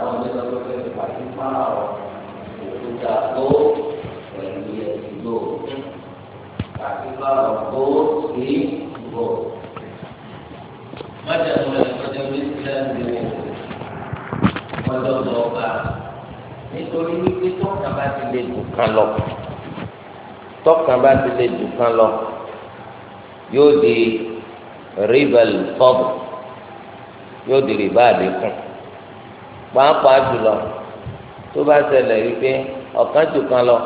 àwọn ọ̀dọ́ tó fẹ́ pàṣẹ pààrọ̀ òkúta tó pẹ̀lú ẹ̀sìn tó pàṣẹ pààrọ̀ tó sí tó. mọ́jà tó lẹ́nu tó jẹ́ bísílẹ̀ ń lè wọ́n lọ́dọ̀ ọba nítorí wípé tọ́kàn bá ti lè dùn kan lọ tọ́kàn bá ti lè dùn kan lọ yóò di ribal fọ́bù yóò di ribá àdínkù pàápàá jùlọ tó bá ṣẹlẹ̀ wípé ọ̀kan jù kan lọ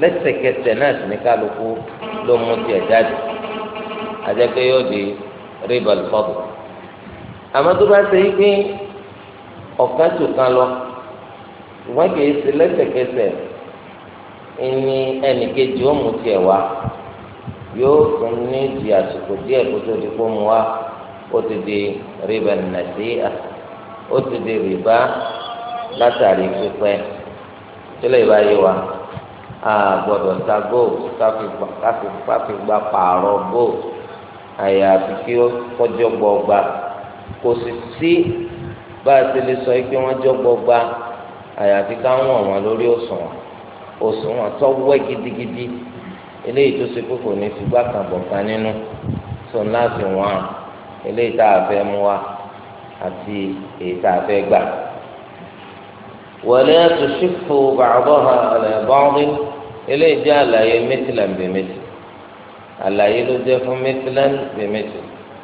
lẹ́sẹ̀kẹsẹ̀ náà sì ní kálukú ló mú tiẹ̀ jáde àjẹpé yóò di ribal fadl àmọ́ tó bá ṣe wípé ọ̀kan jù kan lọ ìwọ́n kì í ṣe lẹ́sẹ̀kẹsẹ̀ ìní ẹnìkejì ó mú tiẹ̀ wá yóò tún ní di àsìkò díẹ̀ kó tó di kó mu wá ó ti di ribal nasi'a ó ti di rìbá látàrí pípẹ́ tílé ìbáyé wa a gbọ́dọ̀ ta gold káfí gba pààrọ̀ gold àyàfi kí ó kọjọ gbọgba kò sì sí bá a ti lè sọ pé wọ́n jọ gbọgba àyàfi ká wọ̀n wọn lórí òṣùwọ̀n òṣùwọ̀n tó wẹ́ gidigidi eléyìí tó ṣe pé kò ní fi gbàkànbọ̀kan nínú tó ńlá fi wọ́n eléyìí tá a fẹ́ mú wa àti èyí tá a fẹ́ gbà. wọlé tòṣìfò bàbá ọ̀nà ìbọ́nrin eléyìí jẹ́ àlàyé mẹ́tìlá bèmẹ́tì àlàyé ló jẹ́ fún mẹ́tìlá bèmẹ́tì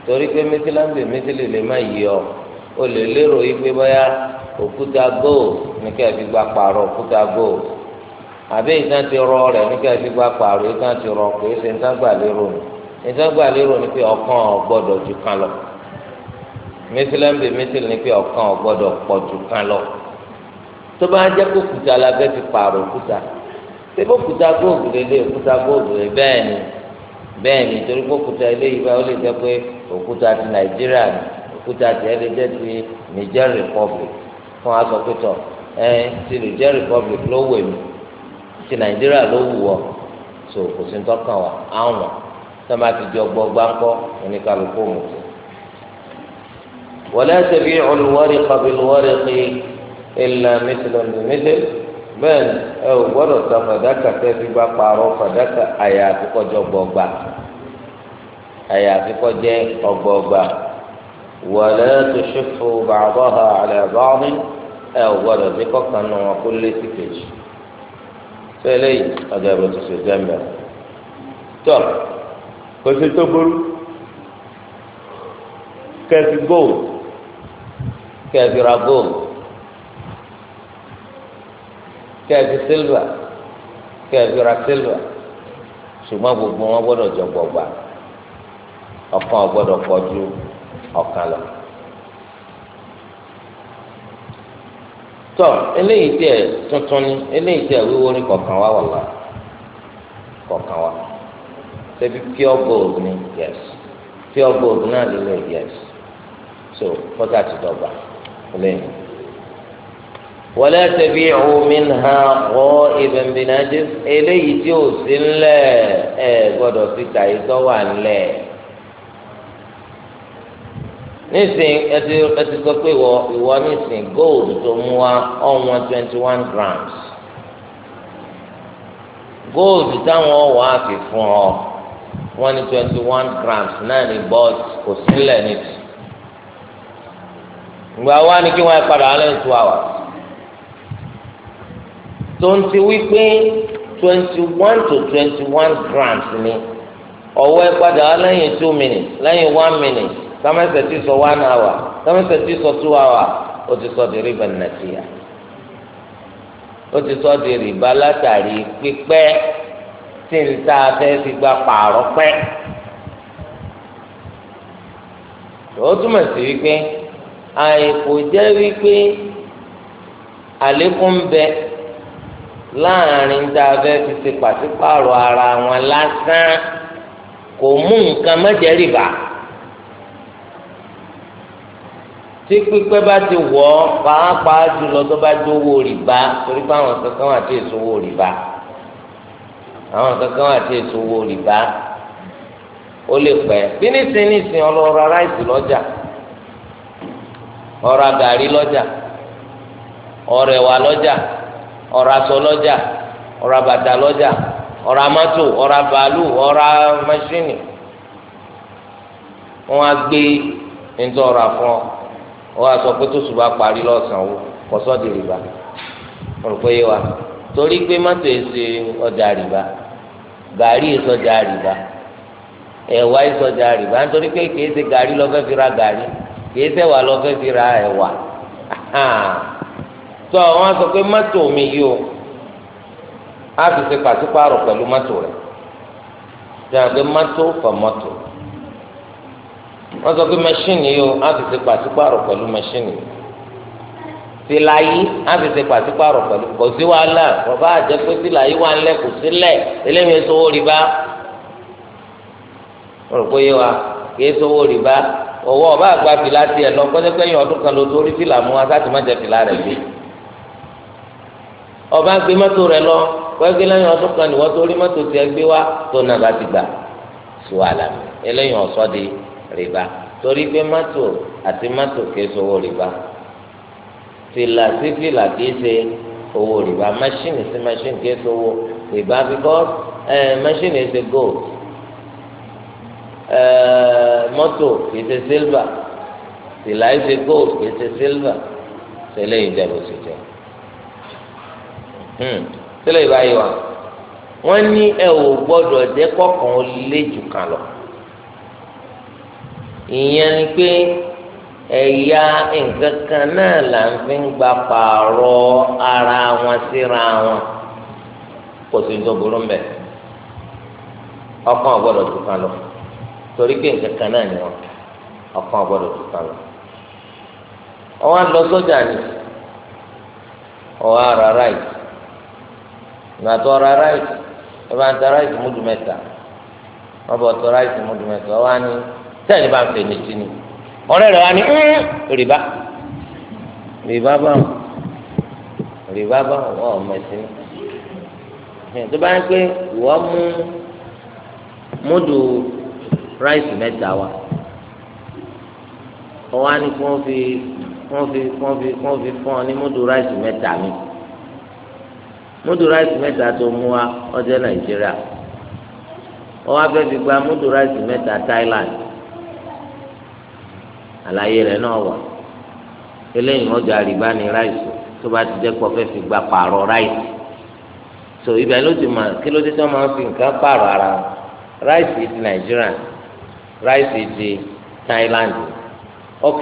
torí pé mẹ́tìlá bèmẹ́tì lè lè má yí ọ o lè lérò yí pé bóyá òkúta gold ní ká fi gba pààrọ̀ òkúta gold àbí ìtàn ti rọ rẹ̀ ní ká fi gba pààrọ̀ ìtàn ti rọ pé ṣe gbà lérò ní ìtàn gbà lérò ní pé ọkàn ò ju kan lọ mísílẹ̀mbì mísílẹ̀ ni pé ọ̀kan ọ̀gbọ́dọ̀ pọ̀ jù kan lọ tó bá jẹ́ kó kùtà la fẹ́ fi pààrọ̀ kùtà ṣé kó kùtà góògù lélẹ̀ kùtà góògù lé bẹ́ẹ̀ ni bẹ́ẹ̀ ni torí kó kùtà eléyìí bá ó lè jẹ́ pé òkúta ti nàìjíríà ni òkúta ti ẹ̀ lè jẹ́ ti Niger Republic fún aṣọ pẹ̀tọ̀ ẹ̀ ti Niger Republic ló wù mí ti nàìjíríà ló wù ọ́ so kò sí ní tọ́kàn wa àwọn tó bá ti jọ gbọ́ gbáńkọ́ oníkàlùkù mọ̀tò. ولا تبيع الورق بالورق إلا مثل بمثل bẹ́ẹ̀ ẹ ò gbọ́dọ̀ ta fàdákà tẹ́ fi bá parọ́ fàdákà àyà àfikọ́jọ ọgbọọgba àyà àfikọ́jẹ ọgbọọgba wọlé tó ṣòfò bàbá ha àlẹ́ báwọn ẹ ò gbọ́dọ̀ sí kọ́kàn nù wọn kó lé sí kejì tó eléyìí ọjà ìbò tó ṣe jẹ́mbẹ́ tó kò sí tó burú kẹ́sì góòlù kẹfì ra gold kẹfì silver kẹfì ra silver ṣùgbọ́n gbogbo wọn gbọ́dọ̀ jọ gbọ̀gbà ọ̀kan gbọ́dọ̀ pọ̀ ju ọ̀kan lọ. tọ́ eléyìí tẹ̀ tuntun ni eléyìí tẹ̀ wíwo ni kọ̀ọ̀kan wá wà láà kọ̀ọ̀kan wá ṣebí pure gold ni yes pure gold náà lílẹ̀ yes so fọ́tà ti dọ̀gba lẹ́yìn. wala tabi'u minha gha'iban binajis eléyìí tí ò sí ńlẹ̀ ẹ̀ gbọ́dọ̀ fi tàyè tó wà ńlẹ̀ nísìnyí ẹtì ẹtì sọ pé ìwọ ìwọ nísìnyí gold tó mú wa ọ̀wọ́n twenty one grams gold táwọn ọ̀wọ́ á fi fún ọ wọ́n ní twenty one grams náà ní bọ́ọ̀t kò sílẹ̀ níbi ìgbà wa ni kí wọ́n padà alẹ́ two hours tó ń ti wí pé twenty one to twenty one grams ni ọwọ́ ẹ padà wá lẹ́yìn two minutes lẹ́yìn one minute sámẹ́sẹ̀ ti sọ one hour sámẹ́sẹ̀ ti sọ two hour ó ti sọ di rìbá nàìjíríà ó ti sọ di rìbá látàrí pípẹ́ tí n ta fẹ́ fi gba pààrọ̀ pẹ́. ó túmọ̀ sí wípé àìkò jẹ́ wípé àlékún bẹ láàrin tá a fẹ́ fi ṣe pàṣípààrọ̀ ara wọn lásán kò mú nǹkan mẹ́jẹ̀rìbà tí pípẹ́ bá ti wọ̀ ọ́ pàápàá jùlọ tó bá jó owó rìbá torí pé àwọn kankan wà tí èso owó rìbá àwọn kankan wà tí èso owó rìbá ó lè pẹ́ bí nísìnyí nísìnyí ọlọ́rọ̀ aláìsí lọ́jà ọ̀rọ̀ agàrí lọ́jà ọ̀rọ̀ ẹ̀wà lọ́jà ọ̀rọ̀ aṣọ lọ́jà ọ̀rọ̀ àbàtà lọ́jà ọ̀rọ̀ amátò ọ̀rọ̀ abàálù ọ̀rọ̀ amáṣínì wọn á gbé nítorí ọ̀rọ̀ àfọn wọn á pé tó ṣùgbọ́n parí lọ́sàn-án wò kọ́sọ́ di rìbá wọn rò pé yé wa torí pé mọ́tò èsè ọjà rìbá gàrí ìsọjà rìbá ẹ̀wà ìsọjà rìbá nítorí pé kìí ṣe gàrí lọ́fẹ́ fi ra kìí sẹ́wà lọ fẹ́ fi ra ẹ̀wà tọ́ wọn sọ pé mọ́tò mi yìí o á fi ṣe pàṣípààrọ̀ pẹ̀lú mọ́tò rẹ̀ jẹ́ pé mọ́tò fọ mọ́tò wọ́n sọ pé mẹ́ṣíìnì yìí o á fi ṣe pàṣípààrọ̀ pẹ̀lú mẹ́ṣíìnì yìí silayi afẹsẹ pàṣípàrọ̀ pẹ̀lú kò sí wàhálà bàbá àjẹ pé silayi wà lẹ kò sílẹ̀ eléyìí sọwọ rìbá rò pé yé wa kìí sọwọ rìbá owó ọba àgbà fìlà tiẹ̀ lọ pẹ́ẹ́pẹ́ẹ́yìn ọdún kan ló torí fìlà mú wa sáà ti má jẹ fìlà rẹ̀ gbé ọba gbé mọ́tò rẹ̀ lọ wẹ́gbẹ́ lẹ́yìn ọdún kan nìwọ́n torí mọ́tò tiẹ̀ gbé wa tó nà bá ti gbà sùn àlàmì eléyìn ọ̀sọ́ di rìbá torí pé mọ́tò àti mọ́tò kìí sowó rìbá fìlà sí fìlà kìí ṣe owó rìbá máṣíìnì sí máṣíìnì kìí sowó rìbá because ẹ máṣíìnì ṣe gold. Eh, mọ́tò kìí ṣe silver tìlà yìí ṣe gold kìí ṣe silver ṣẹlẹ̀ yìí jẹ́ bó ṣe jẹ́ hmm, ṣẹlẹ̀ yìí báyìí wà wọ́n ní ẹ ò gbọ́dọ̀ jẹ́ kọ̀ọ̀kan lé jù kan lọ ìyẹn ni pé ẹ̀yà nǹkan kan náà là ń fi gba pààrọ̀ ara wọn síra wọn kò sí ní burú mbẹ ọkàn ò gbọ́dọ̀ kan lọ torí pé nǹkan kan náà ni wọn ọkàn ọgbọ́dọ̀ tó kan lọ ọwọ lọ sọ́jà ni ọwọ ara ráìtì ìgbàtọ ara ráìtì ẹ bá ń ta ráìtì múdù mẹ́ta wọn bọ tọ ráìtì múdù mẹ́ta ọwọ ni tẹ́lẹ̀ bá ń fẹ́ létí ni ọ̀rẹ́ rẹ̀ wá ní rìbá rìbá báwọn rìbá báwọn wọn ò mẹsì ni tó bá ń pé ìwọ mú múdù. Rice mẹ́ta wa ọwọ́ á ní kí wọ́n fi wọ́n fi wọ́n fi wọ́n fi fún ọ ní múdù ráìsì mẹ́ta mi múdù ráìsì mẹ́ta tó mú wa ọjọ́ nàìjíríà ọwọ́ abẹ́ fi gba múdù ráìsì mẹ́ta Thailand àlàyé rẹ̀ náà wà eléyìí wọ́n jọ àrìbá ní ráìsì tó bá ti jẹ́ pọ̀ fẹ́ fi gba pààrọ̀ ráìsì so ibẹ̀ ló ti mọ̀ kí ló dé tí wọ́n máa ń fi nǹkan pààrọ̀ ara ráìsì ti nàìjíríà ráìsì di Thailand ok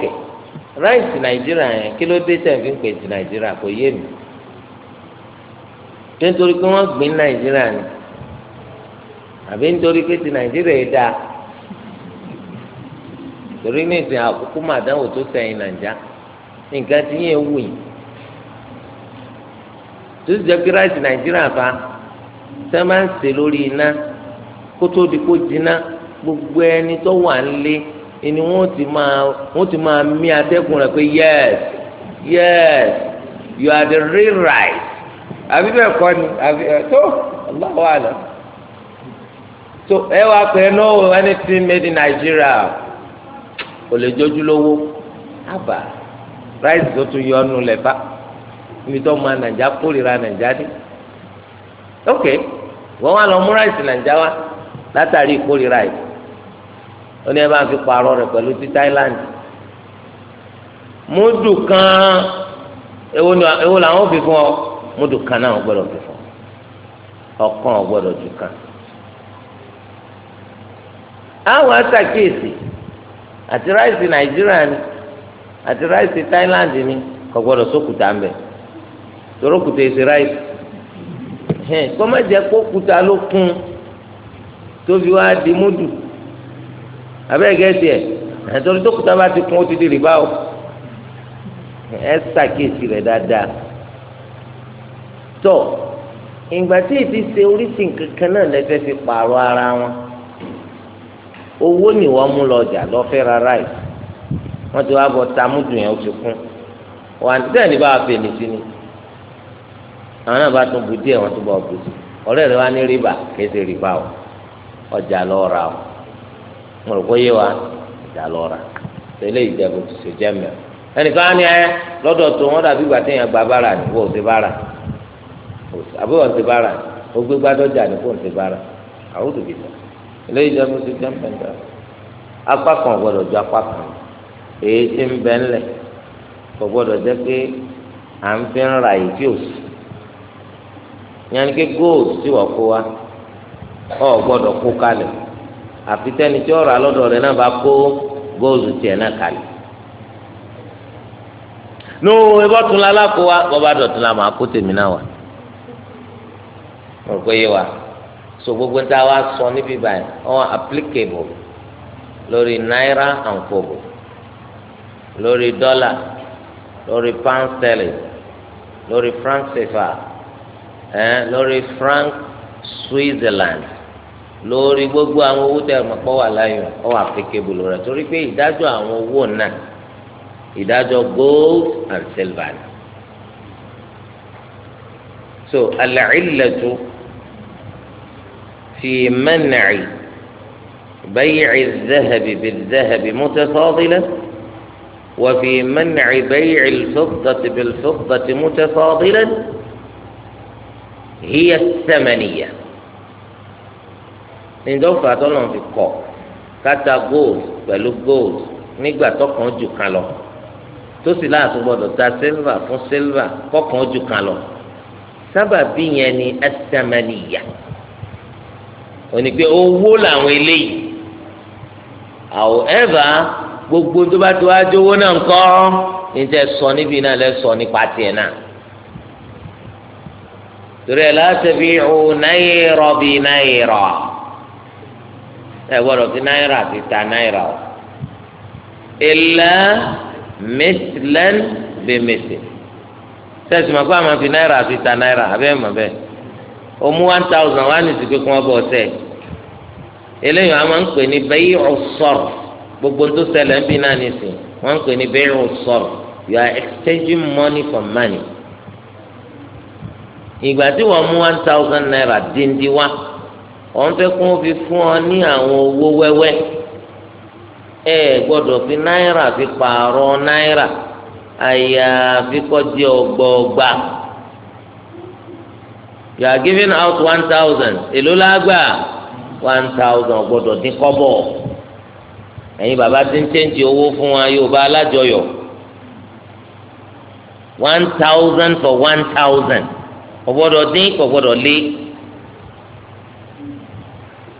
ráìsì nàìjíríà yẹn kí ló dé tẹ̀ fi ń pè ti nàìjíríà kò yé mi ṣé nítorí pé wọ́n nigeria ni àbí nítorí pé ti nàìjíríà yìí dáa torí ní ìsìn àkókò màdánwò tó sẹ́yìn nàìjà nǹkan tí yẹn wù yìí tó sì jẹ́ pé ráìsì nàìjíríà fa sẹ́ tó di kó gbogbo ẹni tó wà nílé ni wọ́n ti máa wọ́n ti máa mí atẹ́gùn rẹ̀ pé yes yes you are the real right àbí bẹ́ẹ̀ kọ́ ni àbí tó aláwọ̀ àlọ́ tó ẹ wá pé no anything made in Nigeria kò lè jójú lówó àbá rice tó tún yọ ọ́nù lẹ̀ bá níbi tó máa nàìjà kórìíra nàìjà dé ok wọ́n wá lọ mú rice nàìjà wá látàrí ìkórìíra yìí ó ní ẹ bá fi ti Thailand múdù kan èwo ni èwo làwọn fi fún ọ múdù kan náà wọn gbọ́dọ̀ fi fún ọ ọkàn wọn gbọ́dọ̀ ju kan àwọn àtàkìyèsí àti ráìsì nàìjíríà ni àti ráìsì Thailand ni kò gbọ́dọ̀ sókùtà mbẹ bẹ torókùtà èsì ráìsì kọ́mọ̀jẹ́ kókùtà ló kún di múdù. abẹ́rẹ́ gẹ̀ẹ́sì ẹ̀ ẹ̀tọ́rí dókítà bá ti kún ó ti di rìbá o ẹ ṣàkíyèsí rẹ̀ dáadáa tó ìgbà tí èsì ṣe oríṣi kankan náà lẹ́fẹ́ fi pààrọ̀ ara wọn owó ni wọ́n mú lọ́jà lọ́fẹ́ rárá yìí wọ́n ti wá bọ̀ tamúdù yẹn ó ti kún wà níbẹ̀ ní bá a fè ní sí ni àwọn náà bá tún bu díẹ̀ wọ́n tún bọ̀ bu sí ọ̀rẹ́ rẹ̀ wá ní rìbá kì í ṣe rìbá o ọjà lọ́ọ́ ra o. mo rò pé yé wa ìdá lọ rà tẹ́lẹ̀ ìjẹbù tó ẹnìkan á ní ẹ lọ́dọ̀ tó wọn dàbí ìgbà téèyàn gba bára ní wọn ò ṣe bára àbí wọn bára ó gbé ní bára àwọn apá kan ju apá kan èyí ń bẹ kò jẹ pé à ń fi ń ra èyí tí ò àfi tẹ́ni tí ọ̀rọ̀ alọ́dọ̀ rẹ̀ náà bá kó góòlù tiẹ̀ náà kalẹ̀ nù ebọ́ tún lálá kó wa bọ́bá dọ̀tún la máa kó tèmi náà wá mọ̀rọ̀ pé yé wa so gbogbo tá a sọ níbí báyìí ọ̀hún applicable lórí náírà and kobo lórí dọ́là lórí pound sterling lórí franc sefa. eh, lórí franc Switzerland lórí gbogbo àwọn owó tẹ ọmọ pọ wà láyọ ọ wà applicable rẹ torí pé ìdájọ́ àwọn owó náà ìdájọ́ gold and silver ni so al-illatu fi man'i bay'i az-zahabi bil-zahabi mutafadila wa fi mẹ́nẹ̀ẹ́ man'i bay'i al-fiddati bil-fiddati mutafadila hiya ath ìjọba tọ́lọ̀ fi kọ̀ káta gold pẹ̀lú gold nígbà tọkàn jù kan lọ tó sì láàtún gbọdọ̀ ta silver fún silver kọkàn jù kan lọ sábàbí yẹn ni ẹsẹmẹnìyà òní pé owó làwọn eléyìí however gbogbo tó bá tó wá jówó náà ńkọ́ ní tẹ́ sọ níbí náà lẹ́ sọ nípa tiẹ̀ náà torí ẹ̀ láti fi hù náírà bí náírà ẹ gbọ́dọ̀ fi náírà ti ta náírà o ilẹ mẹsìlẹn bẹ mẹsì sẹẹsì máa kó àwọn fi náírà ti ta náírà abẹ mọ bẹ o mú one thousand wá ní ìsìnkú kí wọn bọ ọsẹ eléyìí wọn máa ń pè ní bẹyì ọsọrọ gbogbo tó ṣẹlẹ̀ ń bí náà nìsín wọn ń pè ní bẹyì ọsọrọ you are exchanging money for money ìgbà tí wọn mú one thousand naira dín dín wá wọ́n fẹ́ kó wọ́n fi fún ọ ní àwọn owó wẹ́wẹ́ ẹ gbọ́dọ̀ fi náírà fi pààrọ̀ náírà àyàfi kọjá ọgbọọgba you are giving out one thousand èló lágbà one thousand gbọ́dọ̀ dín kọ́bọ̀ ẹ̀yin bàbá ti ń tẹ́ǹtì owó fún wa Yorùbá alájọyọ̀ one thousand for one thousand kò dín kò lé.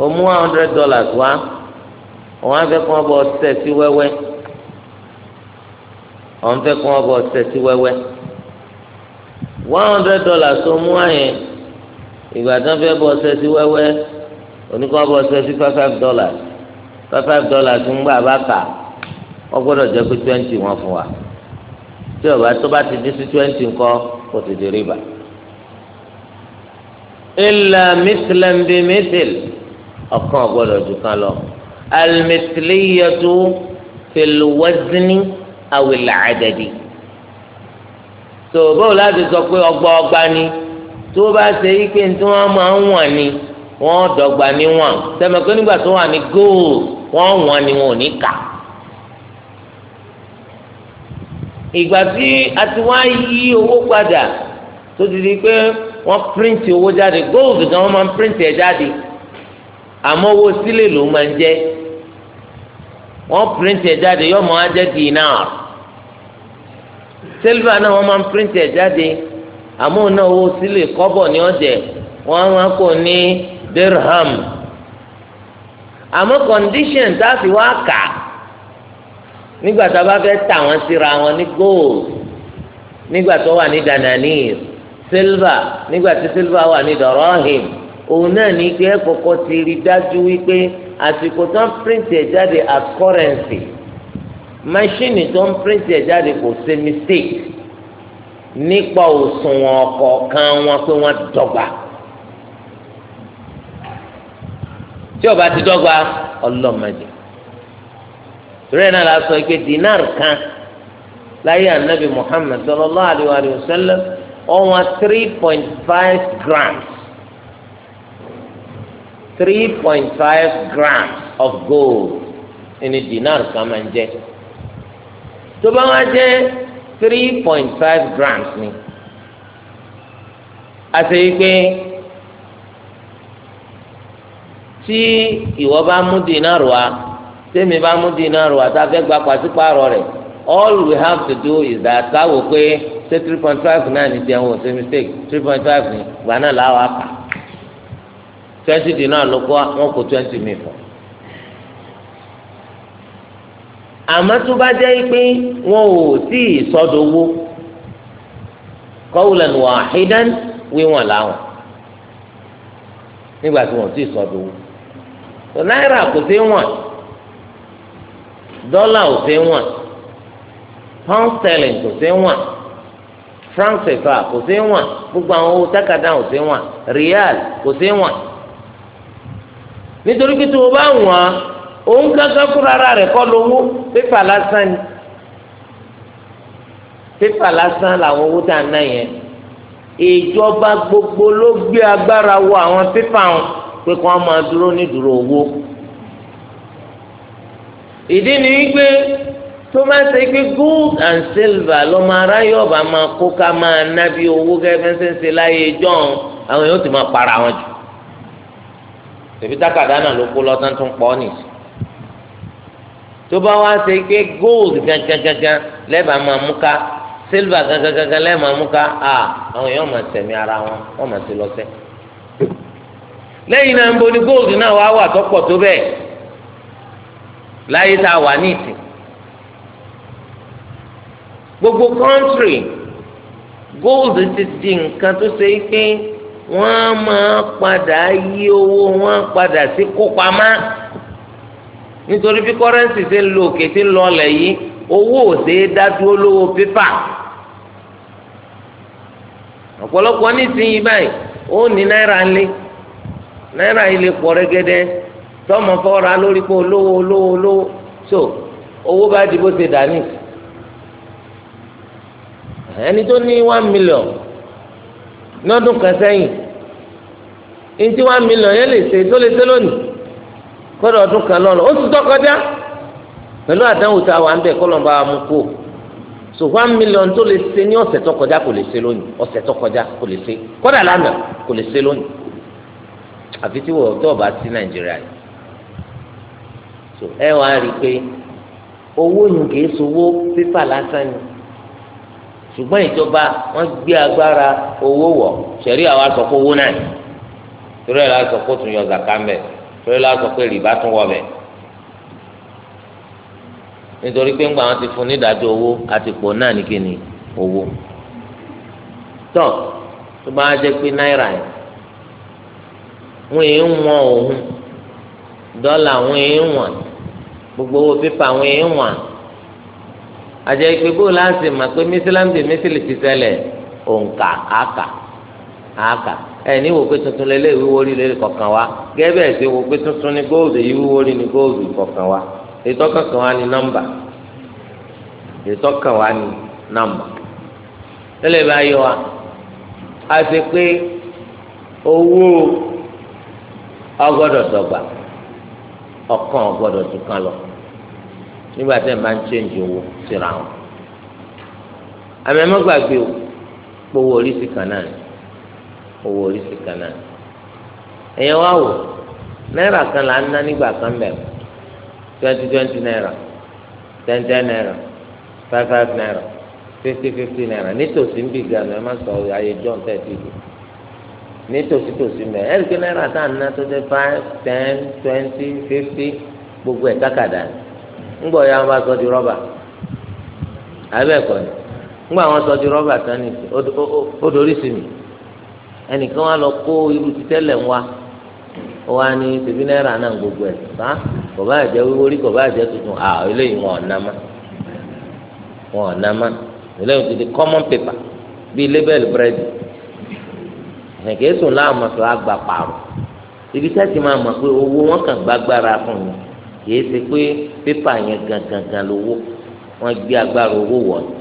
o mú one hundred dollars wá òun á fẹ́ kó wọn bọ tẹ̀ sí wẹ́wẹ́ òun fẹ́ kó wọn bọ tẹ̀ sí wẹ́wẹ́ one hundred dollars o mú àyẹn ìgbà tí wọn fẹ́ bọ tẹ̀ sí wẹ́wẹ́ oníkọ́ bọ tẹ̀ sí five five dollars five five dollars ń gbà bá kà wọ́n gbọ́dọ̀ jẹ́ pé twenty wọ́n fún wa tí o bá tó bá ti dín sí twenty ńkọ́ kò ti di rìbá. ilà mísìlẹ̀ ń bí mísìlẹ̀ ọ̀kan ọ̀gbọ́dọ̀ ju kan lọ. alimetiliyatu filwazini awele adadi. tó o báwo láti sọ pé ọgbà ọgbà ni tó o bá ṣe ike tí wọ́n máa ń wọ̀n ni wọ́n dọ́gba níwọ̀n sẹ́mẹ̀kọ́ nígbà tó wà ní góòlù wọ́n wọ̀n ni wọn ò ní kà. ìgbà tí a ti wá yí owó padà tó ti di pé wọ́n píríǹtì owó jáde góòlù gan wọ́n máa ń píríǹtì ẹ̀ jáde àmọ́ owó sílè ló máa ń jẹ́ wọ́n píríǹtì ẹ̀ jáde yóò máa jẹ́ dinar sílvà náà wọ́n máa ń píríǹtì ẹ̀ jáde àmọ́ náà owó sílè kọ́bọ̀ ni ó jẹ́ wọ́n máa kó ní dirham àmọ́ condition tá a fi wá kà nígbà tá a bá fẹ́ tà wọ́n síra wọn ní gold nígbà tó wà ní dananir silver nígbà tí silver wà ní dọ̀rọ́hìn òun náà ní pé ẹ kọ́kọ́ ti rí dájú wípé àsìkò tó ń píríǹtì ẹ̀ jáde as currency máṣíìnì tó ń píríǹtì ẹ̀ jáde kò ṣe mistake nípa òṣùwọ̀n ọkọ̀ kan wọn pé wọ́n dọ́gba tí ó bá ti dọ́gba ọlọ́mọdé torí náà la sọ pé dinar kan láyé anabi Muhammad sallallahu alayhi wa sallam ọ̀wọ́n three point five grams three point five grams of gold ẹni dinar kan máa ń jẹ tó bá wá jẹ three point five grams ni àti wípé tí ìwọ bá mú dinar wá tèmi bá mú dinar wá tá a fẹ́ gba pàṣípààrọ̀ rẹ̀ all we have to do is that táwo pé ṣé three point five náà ní tiẹ̀ wò ṣe mistake three point five ni gbà náà làwọn á twenty dinar ló kó wọn kó twenty mi fún àmọ́ tó bá jẹ́ pé wọn ò tí ì sọ́dọ̀wọ́ qawlan wahidan wíwọ̀n láwọn nígbà tí wọn ò tí ì sọ́dọ̀wọ́ tó náírà kò sí wọn dọ́là ò sí wọn pound sterling kò sí wọn franc CFA kò sí wọn gbogbo àwọn owó tákàdá ò sí wọn rial kò sí wọn nítorí pé tó o bá wọ̀n òun gángan fúnra ara rẹ̀ kọ́ lówó pépà lásán ni pépà lásán làwọn owó tá a ná yẹn ìjọba gbogbo ló gbé agbára wọ àwọn pépà wọn pé kí wọ́n máa dúró nídúró owó ìdí ni wípé tó máa ṣe pé gold and silver ló máa ráyè ọba máa kó ká máa ná bí owó gẹ́gẹ́ fẹ́ ṣe láyé john àwọn yóò ti máa para wọn jù tẹ̀bí tákàdá náà ló kó lọ́tàn tó ń pọ̀ nì tó bá wá ṣe pé gold gangan lẹ́bàá máa mú ká silver gangan lẹ́ẹ̀ máa mú ká à àwọn èèyàn máa tẹ̀mí ara wọn wọ́n máa ti lọ́sẹ̀ lẹ́yìn náà ń bo ni gold náà wá wà tó pọ̀ tó bẹ́ẹ̀ láyé tá a wà ní ìsìn gbogbo kọ́ńtírì gold ti di nǹkan tó ṣe é pín wọ́n máa padà yí owó wọn padà sí kópamá nítorí bí kọ́rẹ́ǹsì ṣe ń lo òkè tí ń lọ ọlẹ̀ yìí owó ò ṣe é dá dúró lówó pépà ọ̀pọ̀lọpọ̀ nísìnyí báyìí ó ní náírà ńlẹ̀ náírà yìí lè pọ̀ rẹ́gẹ́dẹ́ tọ́mọ fọ́ra lórí pé olówó olówó olówó so owó bá di bó ṣe dà ní ẹni tó ní one million lọ́dún kan sẹ́yìn ntí one million yẹn lè ṣe tó lè ṣe lónìí kọ́dọ̀ ọdún kan lọ́nà ó sì tọkọjá pẹ̀lú àdánwò tá a wà ń bẹ̀ kọ́ lọ́nba wa mú kó so one million tó lè ṣe ní ọ̀sẹ̀ tọkọjá kò lè ṣe lónìí ọ̀sẹ̀ tọkọjá kò lè ṣe kọ́dà lánàá kò lè ṣe lónìí àfi tí wọ́n tó ọba sí nàìjíríà yìí so ẹ wá rí i pé owó yìí kì í sowó fífà lásán ni ṣùgbọ́n ìjọba wọ́n gbé agbára owó wọ̀ ṣẹ̀rí àwa sọ pé owó náà torí ẹ̀ la sọ pé tún yọ zaka ń bẹ̀ torí ẹ̀ la sọ pé rìbá tún wọ̀ bẹ̀ nítorí pé ńgbà wọn ti fún nídàájọ́ owó àtìpó náà ní kíni owó tọ́ tó bá jẹ́ pé náírà yẹn wọ́n èé wọ̀n òun dọ́là wọ́n èé wọ̀n gbogbo owó pépà wọ́n èé wọ̀n àjẹ́ ìpè bó láǹsì mà pé mísíláǹsì mísílì ti ṣẹlẹ̀ òǹkà àkà àkà aka ní wò pé tuntun lélẹ̀ ìwúwo rí lórí kọ̀ọ̀kan wa gẹ́gẹ́ ẹ̀ wò pé tuntun ní góòlù èyí wúwo rí ní góòlù kọ̀ọ̀kan wa namba? wa ní nọ́mbà ètò wa ní nọ́mbà lẹ́lẹ̀ bá yọ wa a ṣe pé owó ọgọ́dọ̀ ọ̀kan lọ. nígbà tẹ́ ẹ̀ máa ń change owó síra wọn. àmì ẹ̀mọ́ gbàgbé o owó oríṣi kan náà ni owó oríṣi kan náà ni. ẹ̀yẹ wá wò náírà kan là ń ná nígbà kan bẹ̀rẹ̀ twenty twenty naira ten ten naira five five naira fifty fifty naira nítòsí ń bì ganu ẹ má sọ ayé john thirty two nítòsí tòsí mẹ ẹ̀rí kí náírà tá à ń ná tó dé five ten twenty fifty gbogbo ẹ̀ kákàdá ni. Ngbọ ya wọn bá sọ di rọ́bà àbẹ́ẹ̀kọ́ ni ńgbọ̀ àwọn sọ di rọba tán ni ó dorí sí mi ẹnìkan lọ kó irú ti tẹlẹ ń wá wa ni tèmi náírà náà gbogbo ẹ̀ sá kò bá jẹ́ wíwó tuntun à eléyìí wọn ò ná má wọn ò ná má eléyìí ti di common paper bíi label sọ àgbà pààrọ̀ ibi sẹ́ẹ̀tì máa mọ̀ pé owó wọn kàn fún kìí ṣe pé pépà yẹn gangan lówó wọn gbé agbára owó wọ ni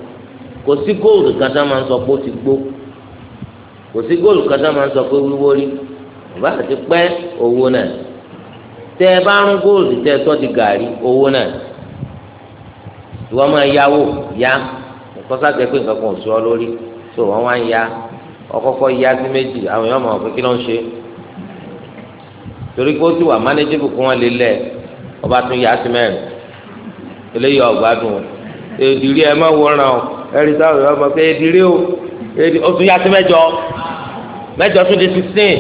kò sí góòlù kan tá máa ń sọ pé ó ti gbó kò sí góòlù kan tá máa ń sọ pé wíwó rí bàbá àti pẹ́ owó náà tẹ ẹ bá rún góòlù tẹ ẹ tọ́ di gàrí owó náà ìwọ máa yáwó yá nǹkan sábẹ́ pé nǹkan kan ò sọ lórí tó wọ́n wá ń ya ọkọ́kọ́ ya sí méjì àwọn èèyàn máa wọ̀ pé kí ló ń ṣe torí pé ó ti wà mánéjìbù kí wọ́n lè lẹ́ẹ̀ ọba tún yá sí mẹ́rin eléyìí ọgbádùn èdìrí ẹ má wọràn o ẹrí sáwọn ọmọ pé èdìrí o o tún yá sí mẹ́jọ mẹ́jọ tún di sixteen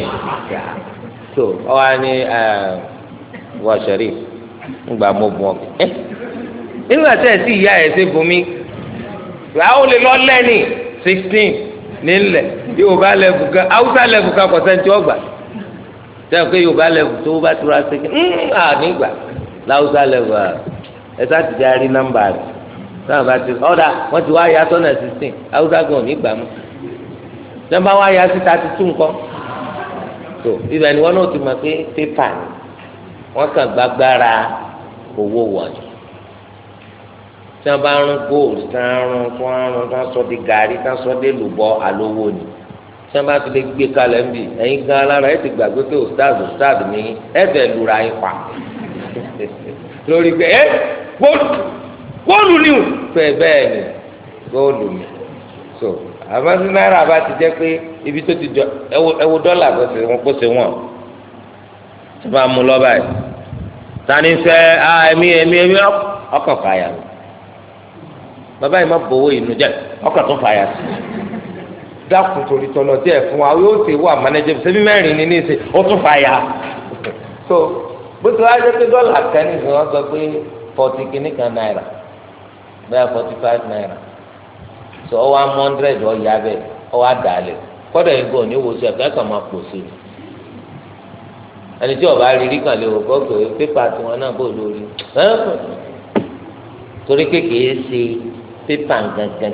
so ọwọ ni ẹ wọ sẹrí ńgbà mo bùn ọ ẹ nígbà tẹ ẹ sì yá ẹ ṣe bùn àwọn olè lọ lẹ́ni sixteen nílẹ̀ yorùbá lẹ́bù kan haúsá lẹ́bù kan kọ̀sẹ́ntì ọgbà tẹ́ ẹ pé yorùbá lẹ́bù tó bá tura ṣe kí ń hmm, à nígbà láwùsá lẹ́wà ẹ̀sà ti di arí nọ́mbà rẹ̀ náà bá ti ọ̀dà wọ́n ti wá ya sọ́nà sixteen haúsá gan ní gbàmú nọ́mbà wá ya sí thirty two nǹkan tó ibẹ̀ ni wọ́n náà ti mọ̀ pé pépà ni wọ́n kàn gbàgbára owó wọ̀nyí tí wọ́n bá rún góòlù tí wọ́n rún tí wọ́n rún tí wọ́n sọ di gàrí tí wọ́n sọ di lùbọ́ àlówó ni tí wọ́n bá ti lè gbé kalẹ̀ ń bì ẹ̀yin gan alára ẹ̀ ti gbàgbé pé ustaz ustaz ni ẹ̀ fẹ́ lura yín pa. lórí pé ẹ góòlù góòlù ni o pé bẹ́ẹ̀ ni góòlù mi so àmọ́ sí náírà bá ti jẹ́ pé ibi tó ti jọ ẹwọ dọ́là kó ṣe wọ́n tó bá mú lọ́ba yìí tani fẹ́ ẹ̀mí ẹ̀mí ẹ̀mí ọkọ̀ fàyà lọ bàbá yìí má bọ̀wọ́ inú jẹ́ ọkọ̀ tó fàyà sí dákun torí tọ̀nà díẹ̀ fún wa yóò ṣe wà manager ṣẹ́bí mẹ́rin ní ní ṣe ó tún fàyà so bó ti wá jẹ́ pé dọ́là kan ní ìsìn wọn sọ pé forty kìíní kan náírà bẹ́ẹ̀ forty five náírà sọ ọ wá mọ́ hundred ọ yá bẹ́ẹ̀ ọ wá dà á lẹ̀ kọ́dọ̀ yìí gbọ́ ní wo sí ẹ̀ka ẹ̀ka máa pò sí i ẹni tí ọba rírí kan lè wò kọ́kọ́ pépà tiwọn náà bò lórí torí kékeré ṣe pépà gangan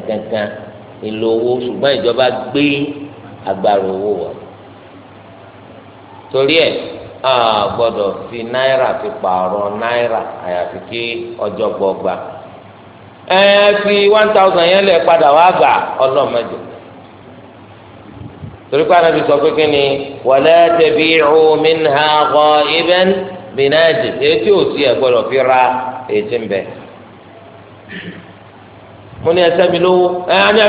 èlò owó ṣùgbọ́n ìjọba gbé agbára owó wọ̀ torí ẹ̀ a gbọ́dọ̀ fi náírà fi pààrọ̀ náírà àyàfi kí gbọgba ẹ fi one thousand yẹn lẹ padà wá gbà ọlọmọdé torí pé anabi sọ pé kí ni wala ha kọ gha'iban bìnáàjì etí ò ẹ fi ra ètí mbẹ. bẹ mo ní ẹsẹ mi lówó ẹ á ní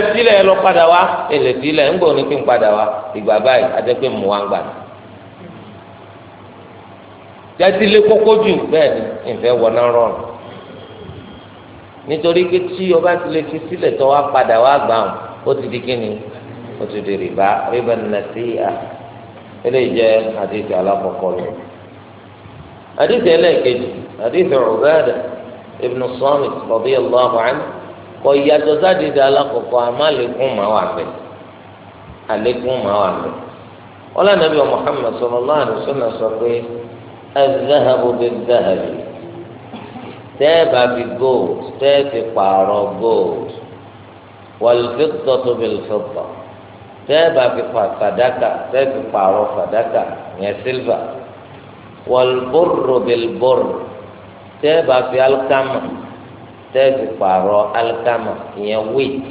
lọ padà wá èlè sílẹ ńgbọ ní kí n padà jẹtìlẹ kókó jù bẹ́ẹ̀ ni ìfẹ́ wọná rọrùn nítorí pé tí ọba ti lè fi sílẹ̀ tó wá padà wá gbà wọn ó ti di kíni ó ti di rìbá rìbá nà sí à eléyìí jẹ àdìsí alákọọkọ lọ àdìsí ẹlẹ́ẹ̀kejì àdìsí Ubada ibn Samit radiyallahu anhu kọ ìyàtọ̀ sádìsí alákọọkọ àmàlẹkùn máa wà bẹ àlẹkùn máa wà bẹ wọn bí wọn Muhammad sallallahu alaihi wasallam sọ pé. الذهب بالذهب تابع بالجود تابع على الجود والفضة بالفضة تابع بفدكة تابع على فدكة يا سيلفا والبر بالبر تابع في الكم تابع على الكم يا ويت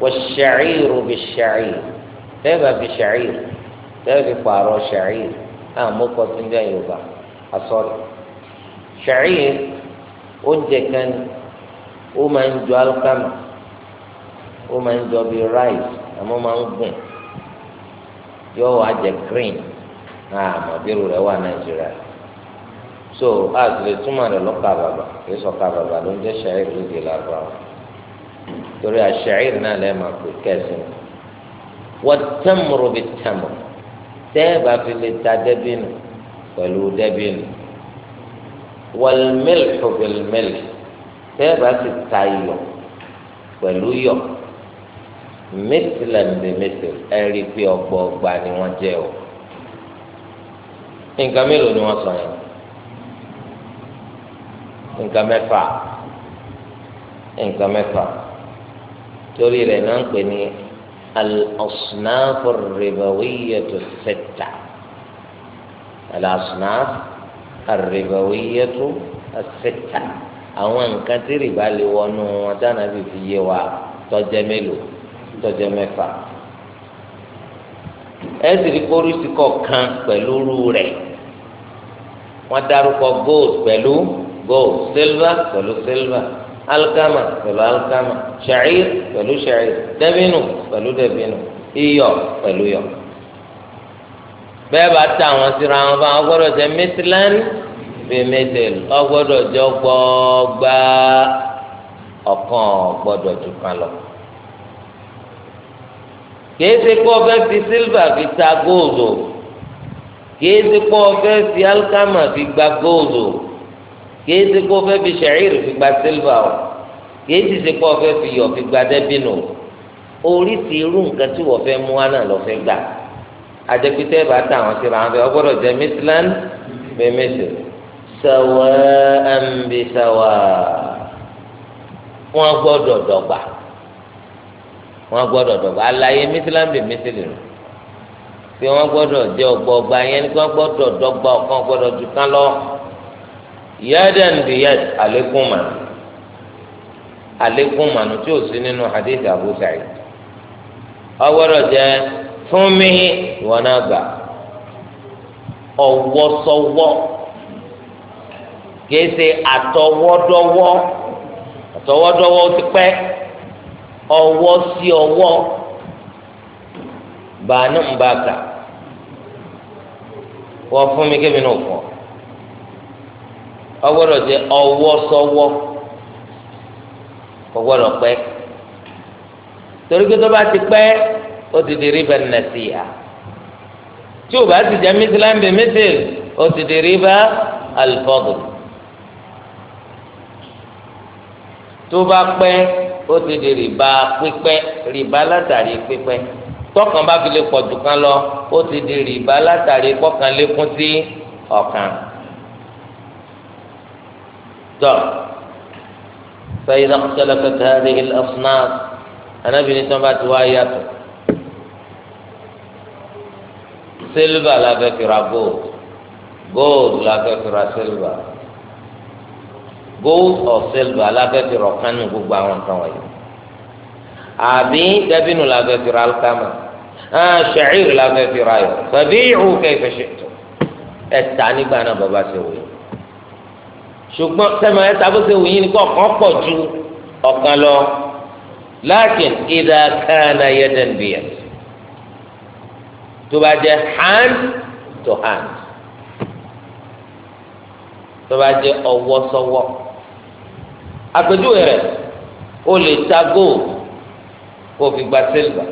والشعير بالشعير تابع بشعير تابع على شعير náà ah, mú kọ sí ní yorùbá asọ́rì ṣàríyè oúnjẹ kan ó máa ń jọ alukama ó máa ń jọ bíi rice àmọ́ máa ń gùn yóò wá jẹ green àmọ́ ah, rẹ̀ wà nàìjíríà so as lè túmọ̀ rẹ̀ lọ́kà bàbà kìí sọ̀kà bàbà ló ń jẹ́ ṣàríyè lóde làbà o torí àṣàríyè náà lẹ́ẹ̀ máa pè kẹ́sìn wọ́n tẹ́mùrù bíi tẹ́mùrù tẹ́ẹ̀bà fi lè ta dẹ́bìnù pẹ̀lú dẹ́bìnù wàlmílìkù bìlmílì tẹ́ẹ̀bà sì ta iyọ̀ pẹ̀lú yọ̀ mítìlẹ̀mbẹ̀mẹtì ẹ̀rí pé ọgbọ̀ ọgbà ni wọ́n jẹ́ o nǹkan mélòó ni wọ́n sọ yẹn nǹkan mẹ́fà nǹkan mẹ́fà torí rẹ̀ náà ń pè ní الأصناف الربوية الستة الأصناف الربوية الستة àwọn nǹkan tí rìbá lè wọnú wọn dáná bí fi yé wa tọjẹ mélòó tọjẹ mẹ́fà ẹsì rí kórìsì kọ̀ọ̀kan pẹ̀lú rú rẹ̀ wọ́n dárúkọ gold pẹ̀lú gold silver pẹ̀lú silver alikama pẹ̀lú alikama ṣa'ir pẹ̀lú ṣa'ir dẹbinu pẹ̀lú dẹbinu iyọ̀ pẹ̀lú yọ̀ bẹ́ẹ̀ bá ta àwọn síra wọn fún agbọ́dọ̀ jẹ mẹtìlán bíi mẹtìl ọgbọ́dọ̀ jẹ gbọgbà ọ̀kan ọgbọ́dọ̀ jù lọ kìí kó o fẹ́ fi sílvà fi ta góòlù kìí kó o fẹ́ fi alikama fi gba góòlù kìí ṣe kó fẹ́ fi ṣẹ̀rìrì fi gba sílvà o kìí sì ṣe kó fẹ́ fi yọ̀ fi gba dẹ́bìnù o oríṣi irú nǹkan tí wọ́n fẹ́ mú wá náà lọ́ fẹ́ gbà àjẹpítẹ́ bá tà wọ́n síra wọn fẹ́ ọ gbọ́dọ̀ jẹ́ mísílán bẹ́ẹ̀ mẹ́sì sàwọ́ ẹ̀ǹbì sàwọ́ wọn gbọ́dọ̀ dọ̀gba wọn gbọ́dọ̀ dọ̀gba àlàyé mísílán bẹ́ẹ̀ mẹ́sì lè rìn pé gbọ́dọ̀ jẹ́ ọgbọọgba yẹn ni wọn gbọ́dọ̀ dọ́gba ọ̀kan gbọ́dọ̀ jù kan lọ. yadan bi yad alekun manu alekun manu tí o sí nínú hadith abu sa'id ọwọ́rọ̀ jẹ fún mi ìwọ náà gbà ọwọ́sọwọ́ atọwọdọwọ ṣe àtọwọ́dọ́wọ́ ti pẹ ọwọ́ sí ọwọ́ bàánú ń bàkà wọ́n fún mi kébìnrin òfò. ọgbọ́dọ̀ jẹ ọwọ́ sọ́wọ́ ọgbọ́dọ̀ pẹ́ torí pé tó bá ti pẹ́ ó ti di riba nasiha tí o bá ti jẹ mísílámbé mísíl ó ti di riba al-fadl tó bá pẹ́ ó ti di riba pípẹ́ riba látàrí pípẹ́ tọkàn bá fi lè pọ̀ jù kan lọ ó ti di riba látàrí pọ̀kan sí ọ̀kan tọ́ fẹ́yìn akutẹ́lẹ̀ kẹta ẹ̀ ẹ̀ ọ̀fúnà anábìrin tí wọ́n bá ti wá yàtọ̀ sílvà la fẹ́ fi ra gold gold la fẹ́ fi ra sílvà gold or silver la fẹ́ fi ra kánú gbogbo àwọn nǹkan wọ̀nyí àbí dẹ́bínú la fẹ́ fi ra alikama ṣẹ̀ẹ́rì la fẹ́ fi ra yọ sọ̀bí ìhù kẹfẹ́ ṣètò ẹ̀ta nígbà náà bàbá ṣe wòye ṣùgbọ́n sẹ́mi ẹ̀ ta bó ṣe wù yín ni kọ̀ọ̀kan pọ̀ ju ọ̀kan lọ lákìn ìdá kánà yẹ́dẹ̀n bìyà tó bá jẹ́ hand to hand tó bá jẹ́ ọwọ́ sọ́wọ́ àpèjúwe rẹ̀ o lè ta gold kó fi gba silver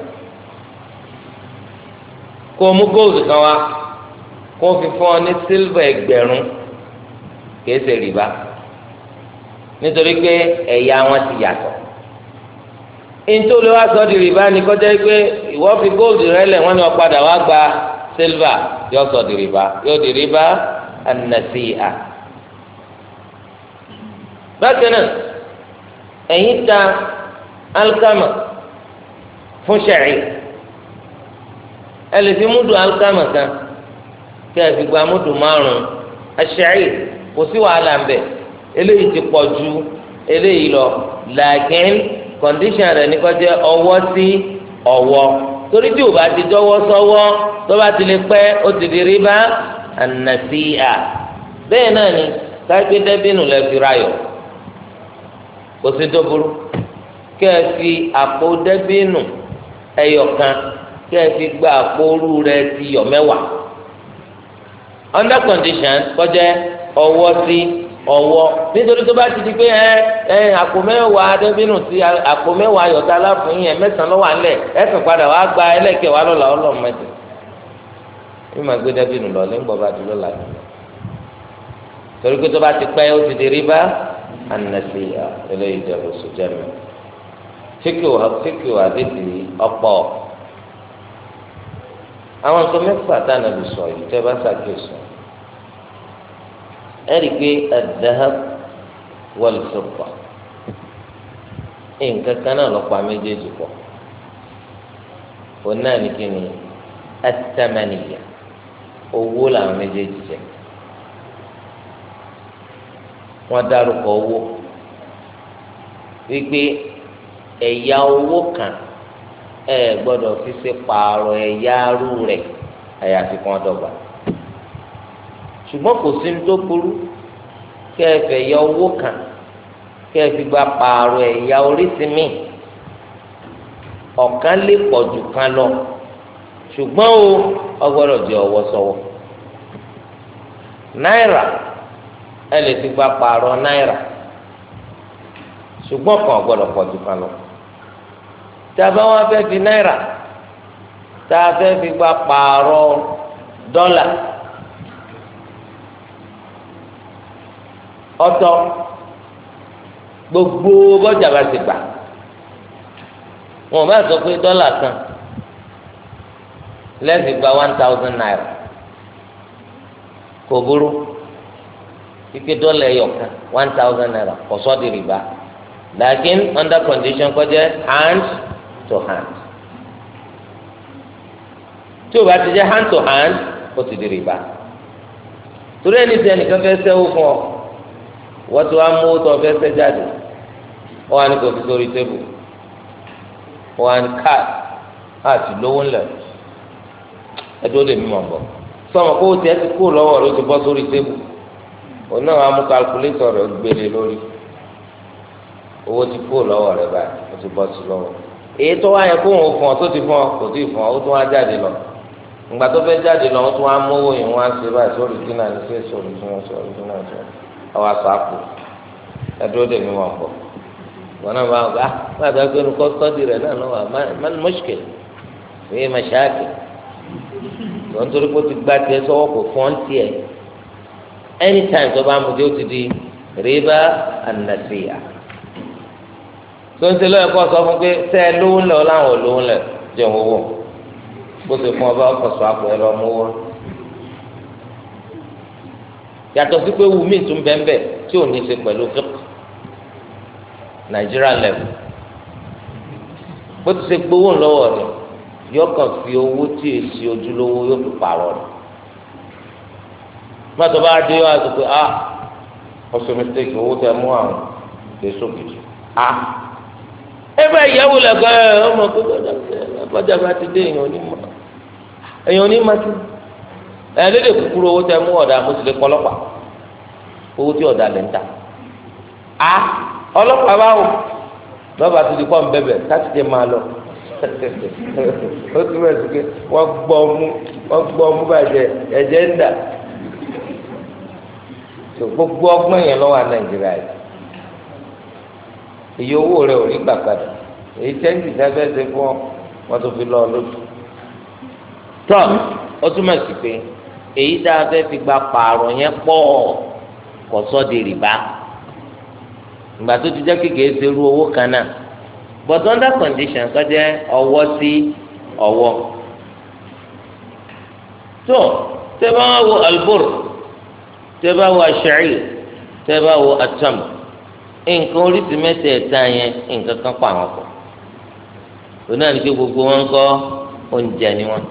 kó mú gold kan wá kó fi fún ọ ní silver ẹgbẹ̀rún kìí ṣe rìbá nítorí pé ẹ̀yà wọn ti yàtọ̀ ntòlè wa sọ di rìbá ni kọjá pé ìwọ fi góòlù rẹ lẹ̀ wọ́n ní wọ́n padà wá gba sílvà yóò sọ di rìbá yóò di rìbá ànàsíà bákan náà ẹ̀yin ta alikama fún sẹ̀rí ẹ lè fi múdù alikama kan kí ẹ fi gba múdù márùn-ún ẹ̀sẹ̀rí kò sí wàhálà ń bẹ eléyìí ti pọ̀ ju eléyìí lọ làákín kọ̀ǹdíṣàn rẹ̀ ní kọjá ọwọ́ sí ọwọ́ torí tí o bá ti dọ́wọ́ sọ́wọ́ tó bá ti lè pẹ́ o ti di rìbá ànàsíà bẹ́ẹ̀ náà ni káyọ̀pé dẹ́bínú lẹ fi rayọ̀ kò sí tó burú kẹ́ ẹ fi àpò dẹ́bínú ẹyọ kan kẹ́ ẹ fi gba àpò orú rẹ ti yọ mẹ́wàá under condition kọjá ọwọ́ sí ọwọ́ nítorí tó bá ti di pé ẹ ẹ àpò mẹ́wàá dẹ́bínú sí àpò mẹ́wàá yọ̀tá láàfin yẹn mẹ́sàn-án lọ́wọ́ àlẹ̀ ẹ padà wàá gba ẹlẹ́kẹ̀ wàá lọ́la ọlọ́mọdé bí màá gbé dẹ́bínú lọ bá ti lọ́la torí pé tó bá ti ó ti di rìbá anasiya eléyìí jẹrọ sojami fíkìwò fíkìwò àwọn nǹkan sọ ẹ̀rí pé adahab wal-fidda nǹkan kan náà lọ́pàá méjèèjì pọ̀ òun náà ní kí ni at owó làwọn méjèèjì jẹ wọ́n dárúkọ owó wípé ẹ̀yà owó kan ẹ gbọ́dọ̀ fi ṣe pààrọ̀ ẹ̀yà arú rẹ̀ àyàfi kan dọ́gba. ṣùgbọ́n kò sí ní tó burú kẹ́ ẹ fẹ́ yọ owó kan ẹ fi gba pààrọ̀ ẹ̀yà oríṣi ọ̀kan lè pọ̀ jù kan lọ ṣùgbọ́n o ọgbọ́dọ̀ jẹ ọwọ́ sọwọ́ náírà ẹ lè fi gba pààrọ̀ náírà ṣùgbọ́n kan ọgbọ́dọ̀ pọ̀ jù kan lọ tá a bá fẹ́ fi náírà tá a fẹ́ fi gba pààrọ̀ dọ́là. Ọtọ, gbogbo bọjà bá ti gbà wọn bá sọ pé dọ́là kan gba one thousand naira kò burú ike dọ́là ẹyọ kan one thousand naira kò di rìbá lakin under kọjá hand to hand tí o bá ti jẹ hand to hand ó ti di rìbá torí ẹni ẹnìkan wọ́n ti wá mú tó jáde wọ́n á ní kò fi sórí tébù wọ́n á ní káàdì àti lówó ńlẹ̀ ẹjọ́ lè mímọ̀ bọ̀ sọmọ kó o ti kú lọ́wọ́ rẹ o ti bọ́ sórí tébù òun náà wàá mú kalkulétọ̀ rẹ gbélé lórí ti kú lọ́wọ́ rẹ báyìí o ti bọ́ sí lọ́wọ́ èyí tó wá yẹ kó òun fún ọ tó ti fún ọ kò tí ì fún ọ ó ọwọ́ aṣọ àpò ẹdúró dèmí wọn bọ̀ wọn náà bá ah, wọn bá wọn àti akérò kọ́sítọ́dì rẹ̀ náà lọ́wọ́ man mushkil wíyé mashakil wọn torí pé ó ti gbá tiẹ̀ sọ́wọ́ kò fọ́n tiẹ̀ anytime tó bá mu dé ó ti di rìbá ànàsíyà tó ń ṣe lọ́yẹ̀ kọ́ sọ fún pé sẹ́ ẹ lówó ńlẹ̀ ọ láwọn ò lówó ńlẹ̀ jẹun owó bó ṣe fún ọ bá ọkọ̀ sọ ẹ lọ mú owó yàtọ̀ sí pé wùmí tún bẹ́ẹ̀nbẹ́ẹ̀ tí ò ní ṣe pẹ̀lú fík nàìjíríà lẹ́wọ̀ bó ti ṣe gbowó lọ́wọ́ rẹ̀ yóò kàn fi owó tí èsì ojúlówó yóò fi pààrọ̀ rẹ̀ mọ́tò bá dé yóò àti pé ah ọ̀sẹ̀ mistake owó tẹ mú àwọn lè sókè ah ebe ìyàwó lẹ́kọ̀ọ́ ẹ̀ ọmọ pé bọ́jà bá ti dé èèyàn onímọ̀ èèyàn onímọ̀ ti dé. ẹ lédè kúkúrú owó tẹ mú ọ̀dà mùsùlùmí kọlọ́pàá owó tí ọ̀dà lè ń ta a ọlọ́pàá báwo lọ́ba tó ti kọ́ ń bẹ̀bẹ̀ tẹ máa lọ ó ti wọ́n gbọ́ wọ́n gbọ́ bàjẹ́ ẹ̀jẹ̀ iye owó rẹ ò gbà padà èyí tẹ́ǹtì sábẹ́ ṣe fún ọ wọ́n tó fi lọ èyí tá a fẹ́ fi gba pààrọ̀ yẹn pọ̀ kò sọ di rìbá ìgbà tó ti jẹ́ kékeré ṣe irú owó kan náà but under condition kọ́ jẹ́ ọwọ́ sí ọwọ́ tó tẹ́ bá wo albur tẹ́ bá aṣẹ́rì tẹ́ wo atam nǹkan oríṣi mẹ́tẹ̀ẹ̀ta yẹn nǹkan kan pa àwọn pọ̀ òun náà ní kí gbogbo wọn kọ́ oúnjẹ ni wọn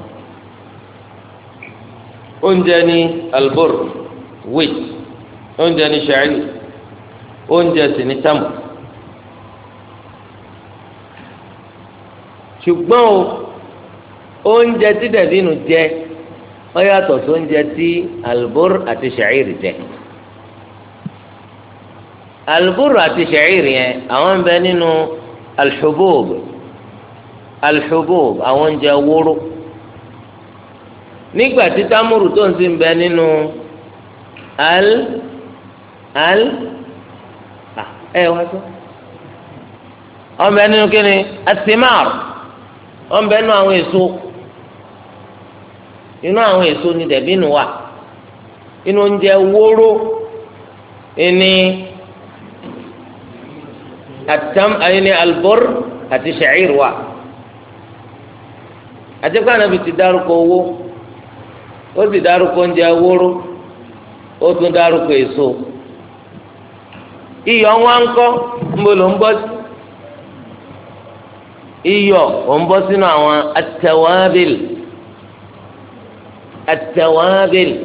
oúnjẹ ní albur wheat oúnjẹ ní sha'ir oúnjẹ sì ní tamu ṣùgbọ́n o oúnjẹ tí dàbínù jẹ ó yàtọ̀ sí oúnjẹ tí albur àti sha'ir jẹ albur àti sha'ir yẹn àwọn bẹ nínú alḥubub alḥubub àwọn oúnjẹ wóró nígbà tí támúrù tó ń sin bẹ nínú al al ah, ẹ wá sọ ọmọ ẹ nínú kíni asimar ọmọ ẹ nínú àwọn èso inú àwọn èso ni dẹ̀bí nù wà inú oúnjẹ wóró ẹni atam ẹni eh, albor àti sha'ir wà àti pé ànábi ti dárúkọ owó ó sì dárúkọ oúnjẹ wóró ó tún dárúkọ èso iyọ̀ ńwá ńkọ́ ńbọ ló ń bọ́ iyọ̀ ò ń bọ́ sínú àwọn atẹ̀wábìlì atẹ̀wábìlì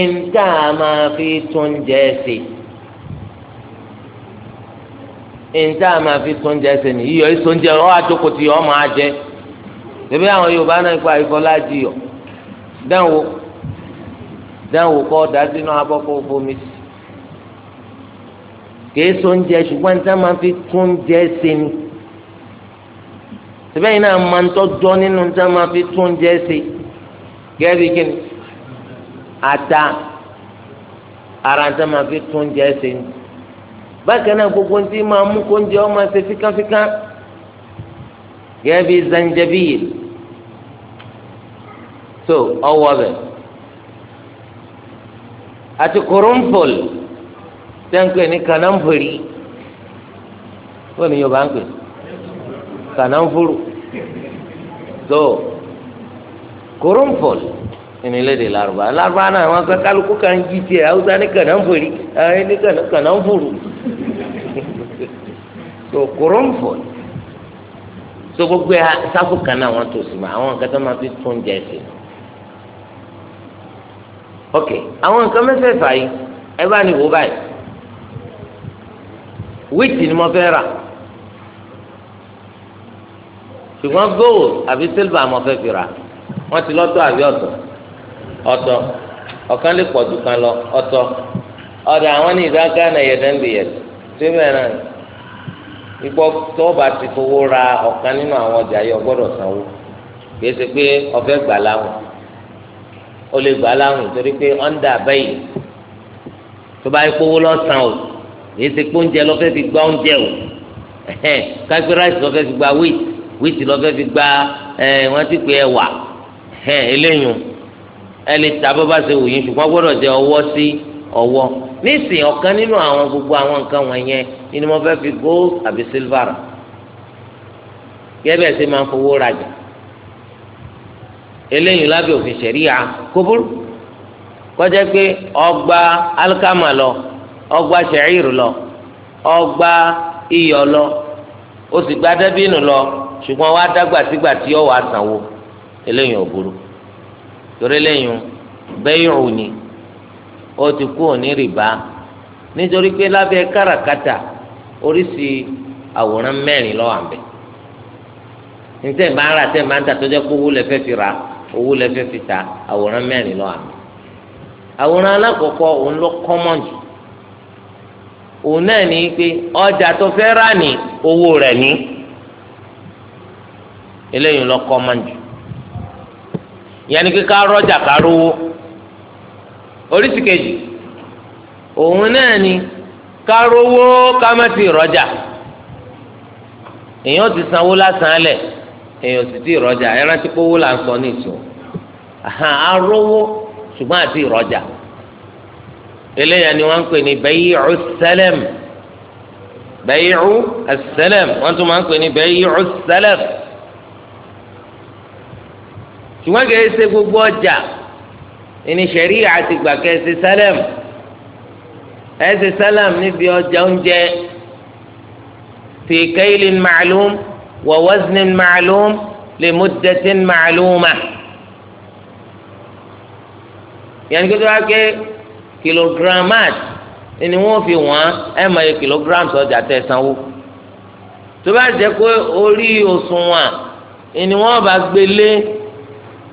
ìńtà máa fi tún jẹ́ sí ìńtà máa fi tún jẹ́ sí ni iyọ̀ ìsúnjẹ ọ́ àjòkòtì ọ́ máa jẹ bẹ́ẹ̀ àwọn Yorùbá náà kó àyíkọ́ láti yọ̀ dánwò dánwò kọ́ ọ̀dà sínú abọ́ kó fomi sí kìí so oúnjẹ ṣùgbọ́n níta máa fi kún oúnjẹ ṣe ni síbẹ̀ yìí náà máa ń tọ́jọ́ nínú níta máa fi tún oúnjẹ ṣe gẹ́gẹ́ kí ni ata ara níta máa fi tún oúnjẹ ṣe ni bákan náà gbogbo ní ti máa mú kó oúnjẹ ọmọ ṣe fíkánfíkán gẹ́gẹ́ bí zanjabil so ọwọ́ bẹ̀ àti kurunfol tẹ́ǹpẹ̀ ní kanamfori wọ́n ni yorùbá ń pè kanamfuru so kurunfol ìnílédè larubá larubá náà wọn kọ kálukú kan jí tiẹ̀ haúsá ní kanamfori ẹ ní kanamfuru so kurunfol so gbogbo ẹ sáfù kan náà wọn tó sí ma àwọn nǹkan máa fi tún jẹ sí ok àwọn nǹkan mẹ́fẹ̀ẹ̀fà yìí ẹ bá ní wò báyìí wíìtì ni mo fẹ́ rà ṣùgbọ́n gold àbí silver mo fẹ́ fi rà wọ́n ti lọ́tọ̀ àbí ọ̀tọ̀ ọ̀tọ̀ ọ̀kan lè pọ̀ jù kan lọ ọ̀tọ̀ ọ̀dọ̀ àwọn ní ìdá gánà yẹ̀dẹ́ńdìyẹ̀ tó bẹ̀rẹ̀ náà ìgbọ́ tó bá ti fowó ra ọ̀kan nínú àwọn ọjà yìí o gbọ́dọ̀ sanwó kì í ṣe pé ọ̀fẹ́ gbà láwọn ó lè gbà láwùn torí pé ọ̀ndà bẹ́yì tó bá yẹ kówó lọ́sàn o èyí ti pé oúnjẹ lọ́fẹ́ fi gba oúnjẹ o kápẹ́ ráìsì lọ́fẹ́ fi gba wíìtì wíìtì lọ́fẹ́ fi gba wọ́n ti pè ẹ̀wà eléyìí ẹ lè ta bó bá ṣe wù yín ṣùgbọ́n gbọ́dọ̀ jẹ ọwọ́ sí ọwọ́ nísìn ọ̀kan nínú àwọn gbogbo àwọn nǹkan wọ̀nyẹn ni mo fẹ́ fi gold àbí silver gẹ́gẹ́ bẹ́ẹ̀ ṣe máa ń fowó rajà eléyìí lábẹ́ òfin ṣẹ̀ríà kúbúrú kọjá pé ọgbà alikama lọ ọgbà ṣẹ̀ríìrù lọ ọgbà iyọ̀ lọ ó sì gba dẹ́bínù lọ ṣùgbọ́n wàá dágbà sígbà tí ó wàá sanwó eléyìí ò burú torí eléyìí bẹ́yìrù ni ó ti kú òní rìbá nítorí pé lábẹ́ káràkátà oríṣi àwòrán mẹ́rin lọ́wọ́ àbẹ̀ ní tẹ̀ máa ń rà tẹ̀ máa ń tà tó jẹ́ kówó lẹ́fẹ́ fi rà owó lẹ́fẹ́ fita àwòrán mẹ́rin lọ́wọ́ àmì àwòrán alákọ̀ọ́kọ́ òun ló kọ́mọ̀n jù òun náà ní pé ọjà tó fẹ rà ní owó ní eléyìí jù ni kíkà rọ́jà ká òun náà ni ká rówó ká ti èèyàn ti sanwó èèyàn sì ti ìrọjà ẹ rántí pé owó là ń sọ ní ìsìn arówó ṣùgbọ́n àti ìrọjà eléyà ni wọ́n ń pè ní bẹ́yìí ọ̀sẹ́lẹ̀m bẹ́yìí ọ̀sẹ́lẹ̀m wọ́n tún máa ń pè ní bẹ́yìí ọ̀sẹ́lẹ̀m ṣùgbọ́n kì í ṣe gbogbo ọjà ìní ṣẹ̀rí àti gbàkẹ́ ẹ sẹ́lẹ̀m ẹ sẹ́lẹ̀m níbi ọjà oúnjẹ tìkẹ́yìlì màlúù. ووزن معلوم لمدة معلومة يعني كده هكي كيلوغرامات ni wọn fi wọn ẹ mọ iye kilograms ọjà tẹ sanwó tó bá jẹ pé orí òṣùwọ̀n ni wọn bá gbélé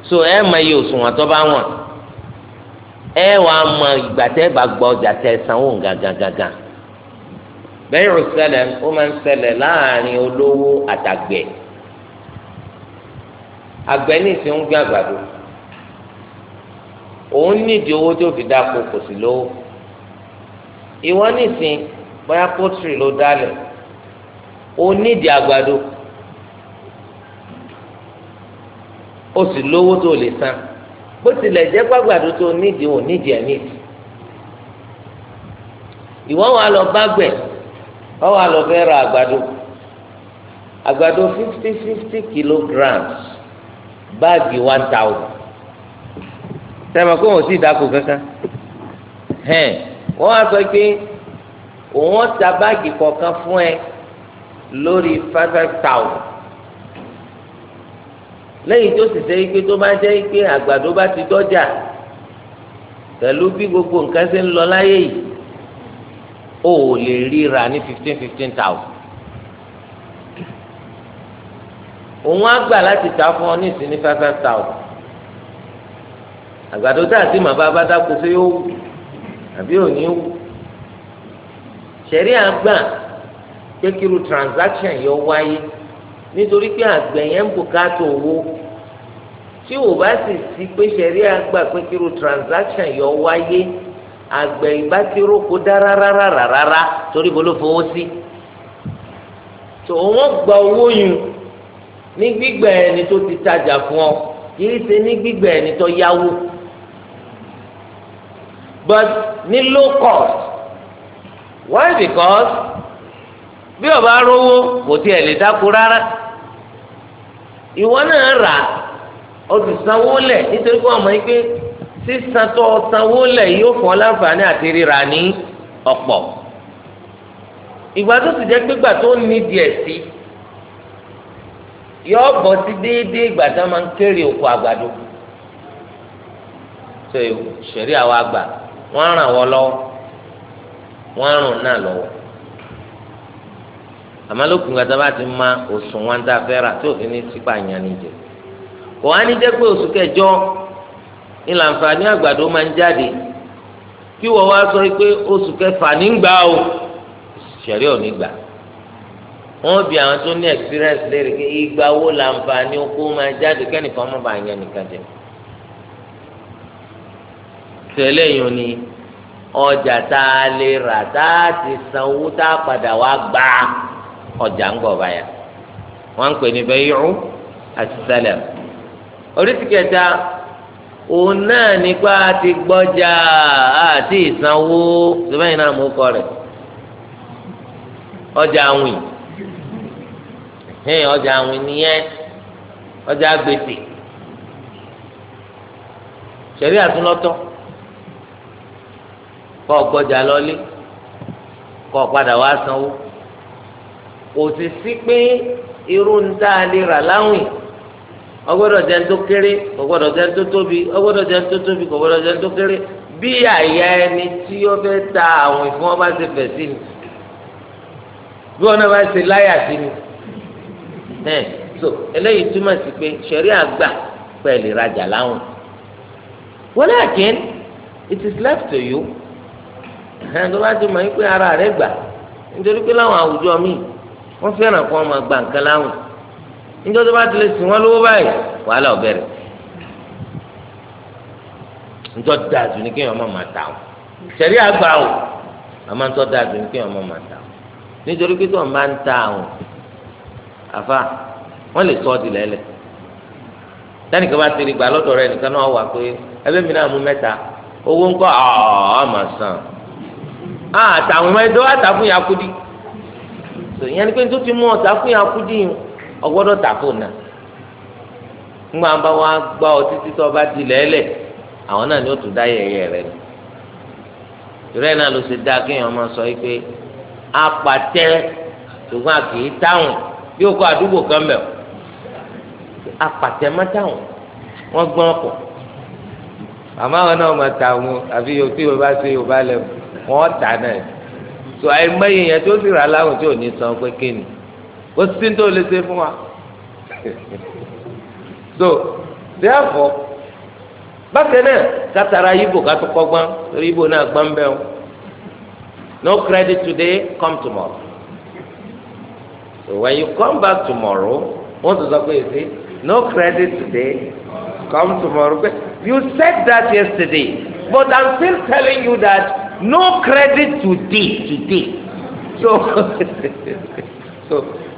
so ẹ mọ iye òṣùwọ̀n tó bá wọn ẹ wàá mọ ìgbà tẹ bá gbọ ọjà tẹ sanwó gangan gangan bẹ́ẹ̀ ò ṣẹlẹ̀ ó máa ń ṣẹlẹ̀ láàrin olówó àtàgbẹ̀ àgbẹ̀ ní ìsìn ń gbé àgbàdo òun nídìí owó tó fi dáko kò sí lówó ìwọ ní ìsìn bóyá pọ́tìrì ló dálẹ̀ òun nídìí àgbàdo ó sì lówó tó lè san bó tilẹ̀ jẹ́ pàgbàdo tó nídìí òun nídìí ẹ̀ nídìí ìwọ wà lọ bá gbẹ̀ wọ́n wá lọ fẹ́ ra àgbàdo àgbàdo fifty fifty kilograms báàgì one thousand sẹ́mi kó wọ́n sì dáko kankan hẹ́n wọ́n wá sọ pé òun ta báàgì kọ̀ọ̀kan fún ẹ lórí five five thousand lẹ́yìn tó sì ṣe ike tó bá jẹ́ ike àgbàdo bá ti dọ́jà pẹ̀lú bí gbogbo nǹkan ṣe ń lọ láyé yìí o ò lè ríra ní fifteen fifteen thousand òun á gbà láti ta fún ọ ní five five thousand àgbàdo tá a ti mọ̀ bá bá dáko sí yóò wù àbí ò ní wù sẹ̀rí àgbà pé kíru transaction yọ wáyé nítorí pé àgbẹ̀ yẹn ń bùkátà owó tí ò bá sì sí pé sẹ̀rí àgbà pé kíru transaction yọ wáyé àgbẹ̀ ìbá ti róko dá rárárárárá torí bó ló fowó sí tó wọ́n gba owó yun ní gbígbà ẹni tó ti tajà fún ọ kìí ṣe ní gbígbà ẹni tó yáwó but ní low cost why because bí o bá rówó kò tiẹ̀ lè dáko rárá ìwọ náà rà o ti sanwó lẹ̀ nítorí pé ọmọ yìí pé. sísan tó sanwó lẹ̀ yóò fún ọ láǹfààní àti ríra ní ọ̀pọ̀ ìgbà tó sì jẹ́ tó ní sí yọ bọ̀ sí déédéé ìgbà tó máa ń kéré oko àgbàdo tó ṣẹ̀rí àwọn àgbà wọ́n ràn wọ́n lọ́wọ́ wọ́n ràn náà lọ́wọ́ àmọ́ gbàtà ti ma òsùn wọn fera fẹ́ rà tí òfin ní sípà yàn níjẹ kò wá ní ìlà ànfààní àgbàdo máa ń jáde kí wọ́n wá sọ pé oṣù kẹfà nígbà o ṣẹ̀rí ò nígbà wọ́n bí àwọn tó ní experience léèrè pé ìgbà wo là ànfààní oko máa jáde kẹ́nìkan má bàa yan nìkan jẹ tẹ̀lé yìí ni ọjà tá a lè rà tá a ti san owó tá a padà wá gbà ọjà ń gbọ̀ báyà wọ́n ń pè ní bẹ́ẹ̀ yìí rú àti sẹ́lẹ̀ orí ti kẹta. òun náà nípa ti gbọ́jà àti ìsanwó sẹ́fẹ̀yìn náà mú kọ rẹ̀ ọjà àwìn hẹ́n ọjà àwìn nìyẹn ọjà gbèsè sẹ̀rí àtúnlọ́tọ́ kọ́ gbọ́jà lọ́lé kọ́ padà wá sanwó kò sì sí pé irú ń ọgbọ́dọ̀ jẹ́ ń tó kéré ọgbọ́dọ̀ jẹ́ ń tó tóbi ọgbọ́dọ̀ jẹ́ ń tó tóbi ọgbọ́dọ̀ jẹ́ ń tó kéré bí àyà ẹni tí ó fẹ́ ta àwọn ìfún ọba ṣe fẹ̀ sí ni bí wọn náà bá ṣe láyà sí ni ẹ so eléyìí túmọ̀ sí pé ṣẹ̀rí àgbà pẹ̀lú ìrajà láwọn walakin it is left to you ẹ̀ tó bá ti mọ̀ yín pé ara rẹ̀ gbà nítorí pé láwọn àwùjọ míì wọ́n fẹ́ràn kó wọn máa gba nǹkan láwọn níjọ́ tó bá ti lè sìn wọ́n lówó báyìí wàhálà ó bẹ̀rẹ̀ níjọ́ dáa jù ní kéèyàn má máa tà ó sẹ̀rí àgbà ó àmọ́ níjọ́ dáa jù ní kéèyàn má máa tà ó nítorí pé tó ń bá ń ta àwọn àfa wọ́n lè sọ ọ́ di lẹ́lẹ̀ tẹ́nìkan bá ti rí gbà lọ́dọ̀ rẹ̀ nìkan náà wà pé ẹbí mi náà mú mẹ́ta owó ńkọ́ ọ̀ọ́mà sàn àtàwọn ọmọ àtàkùn yakudi ìyẹn ni pé nítorí mú ọ̀tàkùn yakudi yìí ọgbọ́dọ̀ tà fóònù náà bá wọn gbá ọ títí tó bá di lẹ́lẹ̀ àwọn náà ni ó tún dá yẹyẹ rẹ ni ìrẹ́ náà ló ṣe dáa kéèyàn máa sọ yìí pé apàtẹ ṣùgbọ́n àkì í táwọn bí ó kọ́ àdúgbò kan mẹ́ apàtẹ má táwọn wọ́n gbọ́n ọkọ̀ àmọ́ àwọn náà máa ta wọn àfi yòó tí yorùbá ṣe yorùbá lẹ́wọ̀n wọ́n tà náà so àìmọye yẹn tó sì rà láwọn ò ní san pé kéènì ó sì ń tó lè ṣe fún wa so therefore bákan náà sátara ibo ká tó kọ́ gbọ́n torí ibo náà gbọ́n bẹ́ẹ̀ o no credit today come tomorrow so when you come back tomorrow wọ́n tún sọ pé èsì no credit today come tomorrow you said that yesterday but i'm still telling you that no credit today today so so.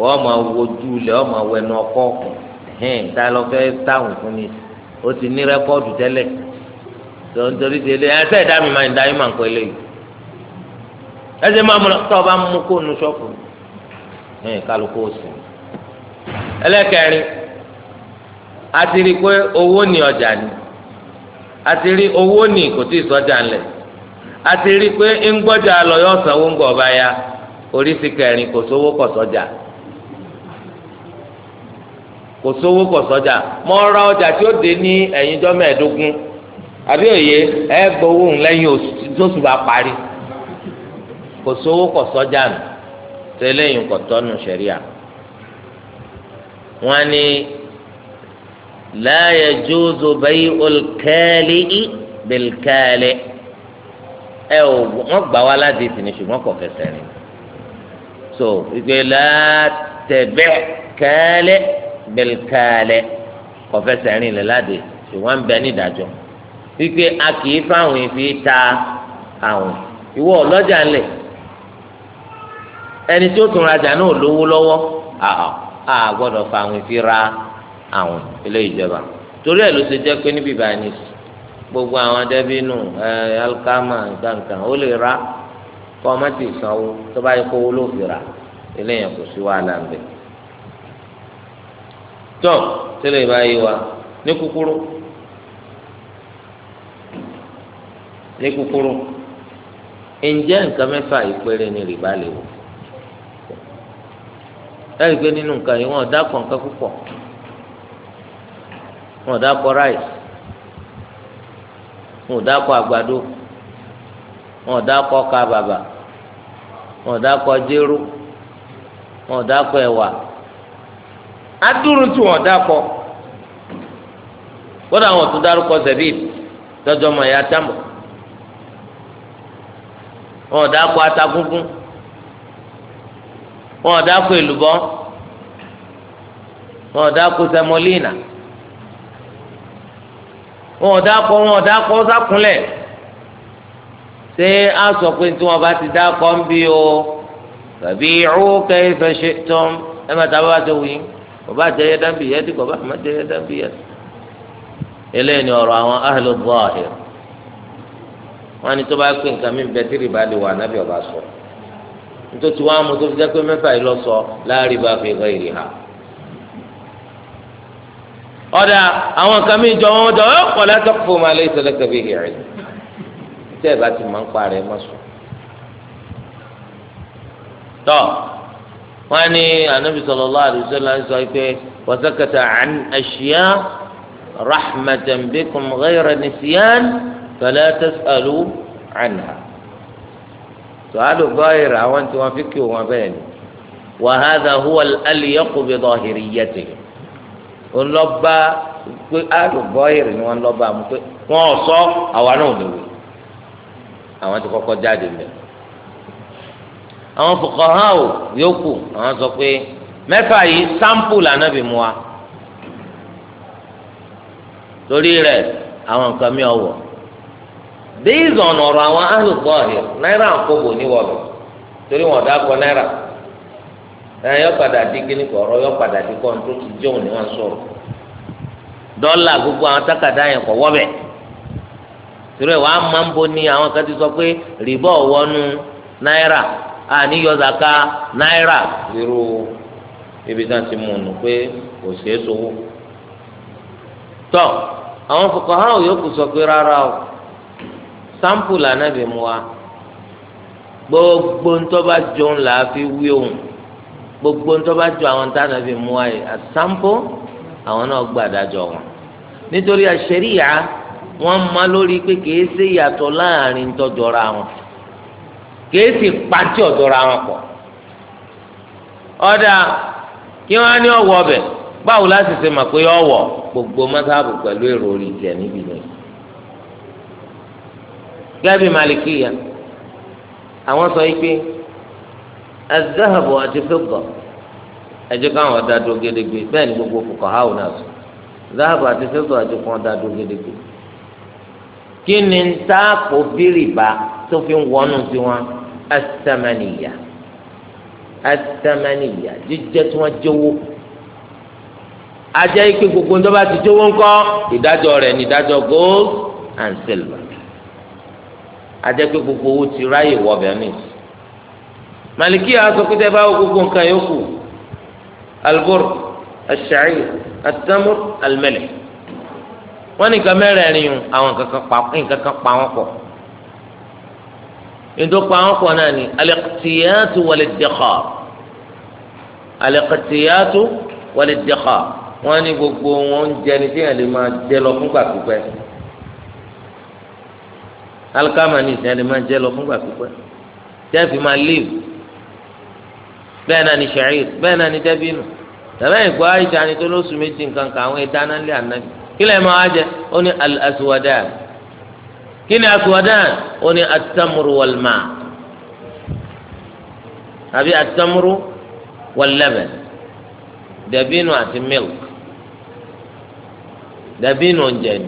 wọ́n ma wojú lẹ̀ wọ́n máa wẹ̀ ní ọkọ́ ẹ̀hìn tá a lọ fẹ́ táwọn fún mi ó ti ní rẹ́kọ́ọ̀dù tẹ́lẹ̀ tó ń torí ti lé ẹsẹ̀ ìdá mi máa ń da yín máa ń pẹ́ lẹ́yìn ẹsẹ̀ máa mú bá mú kó nu ṣọ́ọ̀fù kálukú òsì ẹlẹ́kẹ̀rin rí pé ni rí owó kò tí ì sọ́jà ńlẹ̀ yọ ọ̀sán owó ń ya kẹrin kò sówó kọ̀ kò sówó kò sọ́jà mọ́ ra ọjà tí ó dé ní ẹ̀yìn ọjọ́ mẹ́ẹ̀ẹ́dógún àbí òye ẹ gbowó lẹ́yìn oṣù bá parí kò sówó kò sọ́jà nù tẹ́lẹ̀ yìí kò tọ́nu ṣẹ̀ríà wọ́n ní la yajuzu bay'ul kali'i bil kali ẹ ò wọ́n gbà wá láti ìsìn ṣùgbọ́n kò fẹsẹ̀ rìn so ìgbé la bẹlkaalẹ kọfẹsẹ rìn lẹ láde ṣùgbọ́n bẹ wípé a kì í fáwọn fi ta àwọn ìwọ ọlọ́jà ńlẹ ẹni tó tún rajà náà lówó lọwọ a gbọdọ fáwọn ra àwọn ilé ìjọba torí ẹ̀ ló ṣe jẹ́ pé níbi gbogbo àwọn dẹbínú ẹ alikama nǹkankan ó lè ra sanwó tó bá yẹ kó ra kò sí wàhálà ń tó tẹ́lẹ̀ ìbáyé wa ní kúkúrú ní kúkúrú ǹjẹ́ nǹkan mẹ́fà ìpẹ́rẹ́ ni rìbá lè wò ẹ̀rí pé nínú nǹkan yìí wọ́n dákọ̀ nǹkan púpọ̀ wọ́n dákọ̀ ráìsì wọ́n dákọ̀ àgbàdo wọ́n dákọ̀ kábàbà wọ́n dákọ̀ jéró wọ́n dákọ̀ ẹ̀wà adúrú tí wọn dákọ kódà wọn tún dárúkọ zabib tọjọ ọmọ ìyá tamọ wọn dákọ atagúngún wọn dákọ èlùbọ́ wọn dákọ sẹmọlínà wọn dákọ wọn dákọ sákúnlẹ̀ ṣé a sọ pé tí wọn bá ti dákọ ń bí o tàbí ìrú kayfa shi'tum ẹ má ta bá bá tó wù yín kọba àjẹyẹ dábì yẹtì kọba àmàjẹyẹ dábì yẹtì eléyìí ni ọ̀rọ̀ àwọn ahlu zahir wọn ni tó bá pè nǹkan mi bẹ tí rìbá lè wà nábì ọba sọ nítorí wọn mú tó fi jẹ pé mẹ́fà yìí lọ sọ láàrin bá fi hàn ìrì ha àwọn nǹkan mi jọ wọn jọ ọ́ kọ̀lá fún ma lẹ́yìn sọlẹ́ kẹ́bí ìrì tẹ́ ẹ bá ti máa ń parẹ́ mọ́ sùn. tọ́ wọn ní anabi sallallahu alaihi wasallam sọ pé wasakata an ashiya rahmatan bikum ghayra nisyan fala tasalu anha sọ̀hálù gbọ́yìrì àwọn tí wọ́n fi kí wọn bẹ́ẹ̀ ni wa hadha huwa al-alyaqu bi zahiriyyatihi ńlọ́ba pé àlùgbọ́yìrì ni wọ́n lọ́ba mu pé wọ́n sọ àwa náà ò lè ti kọ́kọ́ jáde mẹ́rin. àwọn fuqaha o yòókù àwọn sọ pé mẹ́fà yìí sampo lànàbì torí rẹ̀ àwọn nǹkan mi ọwọ based on ọ̀rọ̀ àwọn alùpùpù náírà àkóbò níwọlọ torí wọn dákọ náírà náírà yọ padà di kíní kọ ọ̀rọ̀ yọ padà di kọ ti jẹun ni wọn sọ̀rọ̀ dọ́là gbogbo àwọn tákàdá yẹn kọ wọbẹ torí wàá máa ń bo ni àwọn kan ti sọ àní yọ zaka náírà irú ibi tí wọn ti mú un pé kò ṣeé sowó tọ àwọn fuqaha yòókù sọ pé rárá o sampo lànàbì mu wa gbogbo ntọ́ba jọ ń là á fi wí òun gbogbo ntọ́ba jọ àwọn tànàbì mu wa yìí àsampo àwọn náà gbà dájọ wọn nítorí àṣẹríyà wọn má lórí pé kìí ṣe ìyàtọ̀ láàrin ntọ́jọra wọn ka sì pàtí ọ̀dọ́ra wọn pọ̀ ọ̀dà kí wọ́n á ní ọ̀wọ́ ọbẹ̀ báwo láti ṣe mà pé ọ̀wọ́ gbogbo mọ́sáàbù pẹ̀lú èrò orí ìjẹ́ níbi ni gẹ́bí malikiya àwọn sọ yìí pé az àti fidda ẹjọ́ káwọn ọ̀dà dúró gédégbé bẹ́ẹ̀ ni gbogbo fuqaha náà sọ zahabu àti fidda àti dúró gédégbé kí ni ń tá tó fi ń wọnú sí wọn asamaniya asamaniya jíjẹ tí wọn jówó ajẹ́ ike gbogbo ńdọ́ba ti jówó ńkọ́ ìdájọ́ rẹ̀ ní ìdájọ́ gold and silver ajẹ́ ike gbogbo owó ti ráyè wọ benin maliki asokutẹ báwo gbogbo nǹkan yòókù albur asha'i atamur almele wọn ní nǹkan mẹ́rẹ̀ẹ̀rin àwọn nǹkan kan pa wọn pọ̀ ntọ́pọ̀ àwọn kan náà ni alẹ́kìtìyàtú wàlẹ̀ dẹ́kà alẹ́kìtìyàtú wàlẹ̀ dẹ́kà wọ́n ní gbogbo wọn ń jẹni tí yẹn lè máa jẹ lọ fúngbà pípẹ́ alikama ní ìsìn yẹn lè máa jẹ lọ fúngbà pípẹ́ tẹ́ẹ̀fì máa léwu bẹ́ẹ̀ náà ni ṣẹ̀rí bẹ́ẹ̀ ìgbọ́ àyíṣà ni tó lóṣù méjì nǹkan kan àwọn ìdáná lé ànábì kílẹ̀ máa wá jẹ ó ní alẹ́ kí ni aswadan ó ní atamuru walma àbí atamuru wallaban dàbínú àti milk dàbínú oúnjẹ ni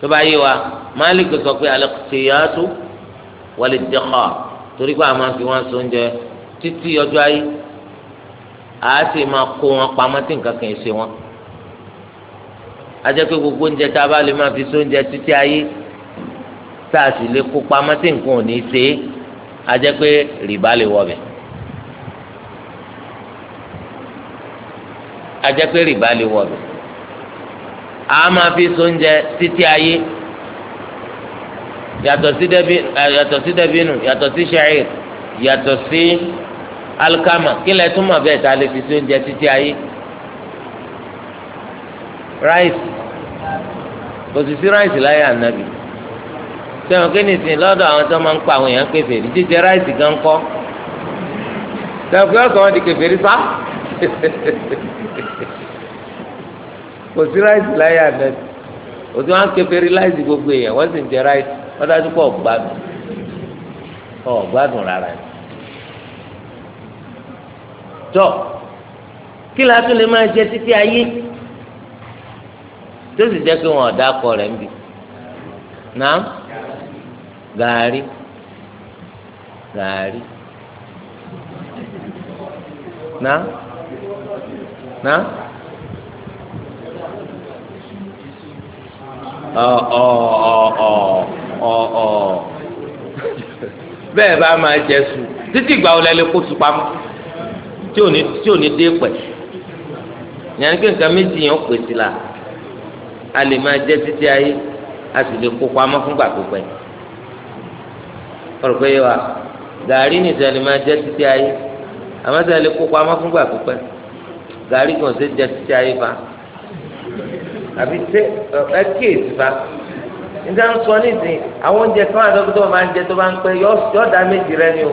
tó bá yé wa Malik sọ pé al-iqtiyatu wal-iddikhar torí pé a máa fi wọn so oúnjẹ títí ọjọ́ ayé àá sì máa wọn pamọ́ tí kan ṣe wọn ajẹ́ pé gbogbo oúnjẹ tá a bá lè máa fi sóúnjẹ títí ayé tá a sì lè kó pamọ́ sí nǹkan ò ní ṣe é ajẹ́ pé rìbá lè wọbẹ̀ ajẹ́ pé rìbá lè wọbẹ̀ a máa fi sóúnjẹ títí ayé yàtọ̀ sí dẹ́bínú yàtọ̀ sí ṣẹ́yìn yàtọ̀ sí alikama kí lẹ́tùmọ̀ bẹ́ẹ̀ tá lè fi sóúnjẹ títí ayé. Rice, kò sì sí rice láyé ànábì sẹ́wọ̀n kí ni ìsìn lọ́dọ̀ àwọn tó máa ń pa àwọn èèyàn kèfèrí jíjẹ ráìsì gan kọ́ sẹ́wọ̀n kí ọ̀sán wọn di kèfèrí sá kò sí ráìsì láyé ànábì òtí wọn kèfèrí ráìsì gbogbo èèyàn wọ́n sì ń jẹ ráìsì wọ́n dájú pọ̀ gbádùn ọ̀ gbádùn rárá ni tọ́ kí la lè máa jẹ títí ayé tó sì jẹ́ pé wọn ọ̀dà akọ rẹ̀ ń bì náà gàárì gàárì náà náà ọ ọ ọ ọ ọ bẹ́ẹ̀ bá máa jẹ sùn títí ìgbà wo lẹ lè kó sùn pamọ́ tí ò ní tí ò ní dé pẹ̀ yẹn kí nǹkan méjì yẹn ó pèsè la a lè máa jẹ títí ayé a sì lè kó pamọ́ fúngbà pípẹ́ ọ̀rọ̀ pé yé wa gàrí nìkan lè máa jẹ títí ayé àmọ́ sẹ́ lè kó pamọ́ fúngbà pípẹ́ gàrí kan ṣe jẹ títí ayé fa àbí tẹ ẹ kéèsì fa nígbà ń sọ nísìnyí àwọn oúnjẹ kan àdókòtò máa ń jẹ tó bá ń pẹ́ yọ ọdà méjì rẹ ni o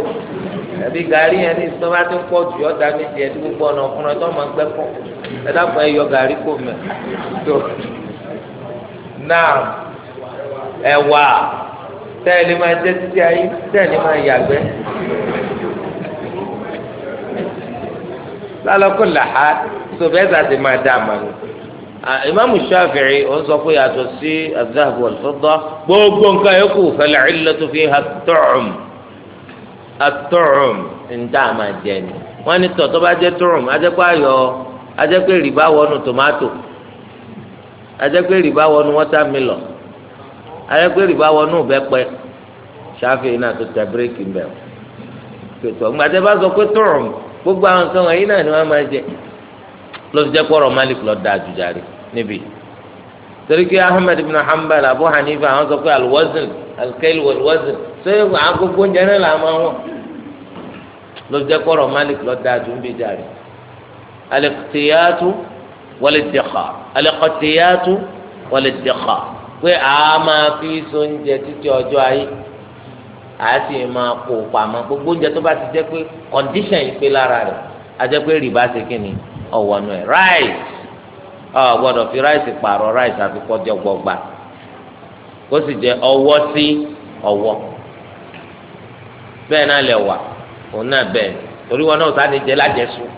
àbí gàrí yẹn ní sọ bá ti ń pọ̀ jù ọdà méjì ẹ ti ọ̀nà ọ̀fun tó máa ń gbẹ kọ́ ẹ dákun ẹ yọ gàrí kò mẹ́ náà ẹ̀wà tẹ́lẹ̀ máa jẹ́ títí ayé tẹ́lẹ̀ máa yàgbẹ́. lálọ́kọ̀ làhá sọ̀bẹ́sà ti máa dá àmà ni. ìmáàmù Ṣáfi'í ó ń sọ pé yàtọ̀ sí adáàbò ọ̀lùfọ́dọ́ gbogbo nǹkan yòókù fẹlẹ̀ ìlọ́tò fi hàn tọ̀ọ̀m àtọ̀ọ̀m ń dá àmà jẹ ni. wọ́n ní tọ̀ bá jẹ́ tọ̀ọ̀m ajẹ́pẹ́ ayọ̀ ajẹ́pẹ́ rìbá wọnú tòmátò ajẹ́pẹ́ rìbá wọnú watermelon ajẹ́pẹ́ rìbá wọnú bẹ́pẹ́ ṣáfì náà tó tẹ bírèkì ń bẹ̀ o tòtò gbàtẹ́ bá sọ pé tọ̀rùn gbogbo àwọn nǹkan wọ̀nyí náà ni wọ́n máa jẹ lọ́sọ̀ jẹ́ pọ̀rọ̀ malik lọ́ọ́ da àjùjáre níbí torí pé ahmed bin hanbal abu hanifa àwọn sọ pé alwazin alkail walwazin ṣé àwọn gbogbo oúnjẹ náà là máa wọ̀n lọ́sọ̀ jẹ́ pọ̀rọ̀ malik lọ́ọ́ da àjùjáre alẹ́kùtìyàtú wal-iddikhaar al-qatiyaatu wal-iddikhaar pé a máa fi sóúnjẹ títí ọjọ́ ayé a sì máa kó pamọ́ gbogbo oúnjẹ tó bá ti jẹ́ pé condition yìí pé lára rẹ̀ a jẹ́ pé rìbá ṣe kí ni ọ̀wọ́ nù ẹ̀ rice ọ̀ gbọ́dọ̀ fi rice pààrọ̀ rice àfi kọjọ́ kó sì jẹ́ ọwọ́ sí ọwọ́ bẹ́ẹ̀ náà lẹ̀ òun náà bẹ́ẹ̀ torí wọn náà sáà ní jẹ́ lájẹsùn.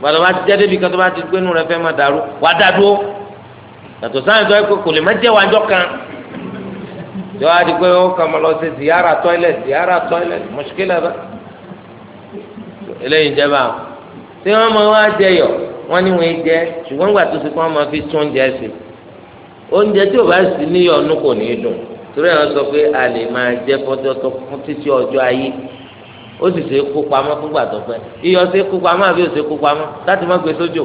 gbàdọ̀ bá ti jẹ́ débi kan bá ti gbé nu rẹ fẹ́ máa dàrú wàá dá dúró sáyẹn tó yẹ kó kò lè má jẹ́ kan yọ wá di pé ó kàn lọ sí ziyara toilet ziyara toilet mọ̀ṣíkìlà bá eléyìí jẹ́ bá tí wọ́n wá jẹ yọ wọ́n ní wọ́n jẹ ṣùgbọ́n fi tún oúnjẹ sí oúnjẹ tí o bá kò ní í dùn torí àwọn sọ pé a lè máa jẹ ó sì ṣe kó pamọ́ fúngbà tó pẹ́ iyọ̀ ṣe kó pamọ́ àbí ò ṣe kó pamọ́ láti má gbé sójò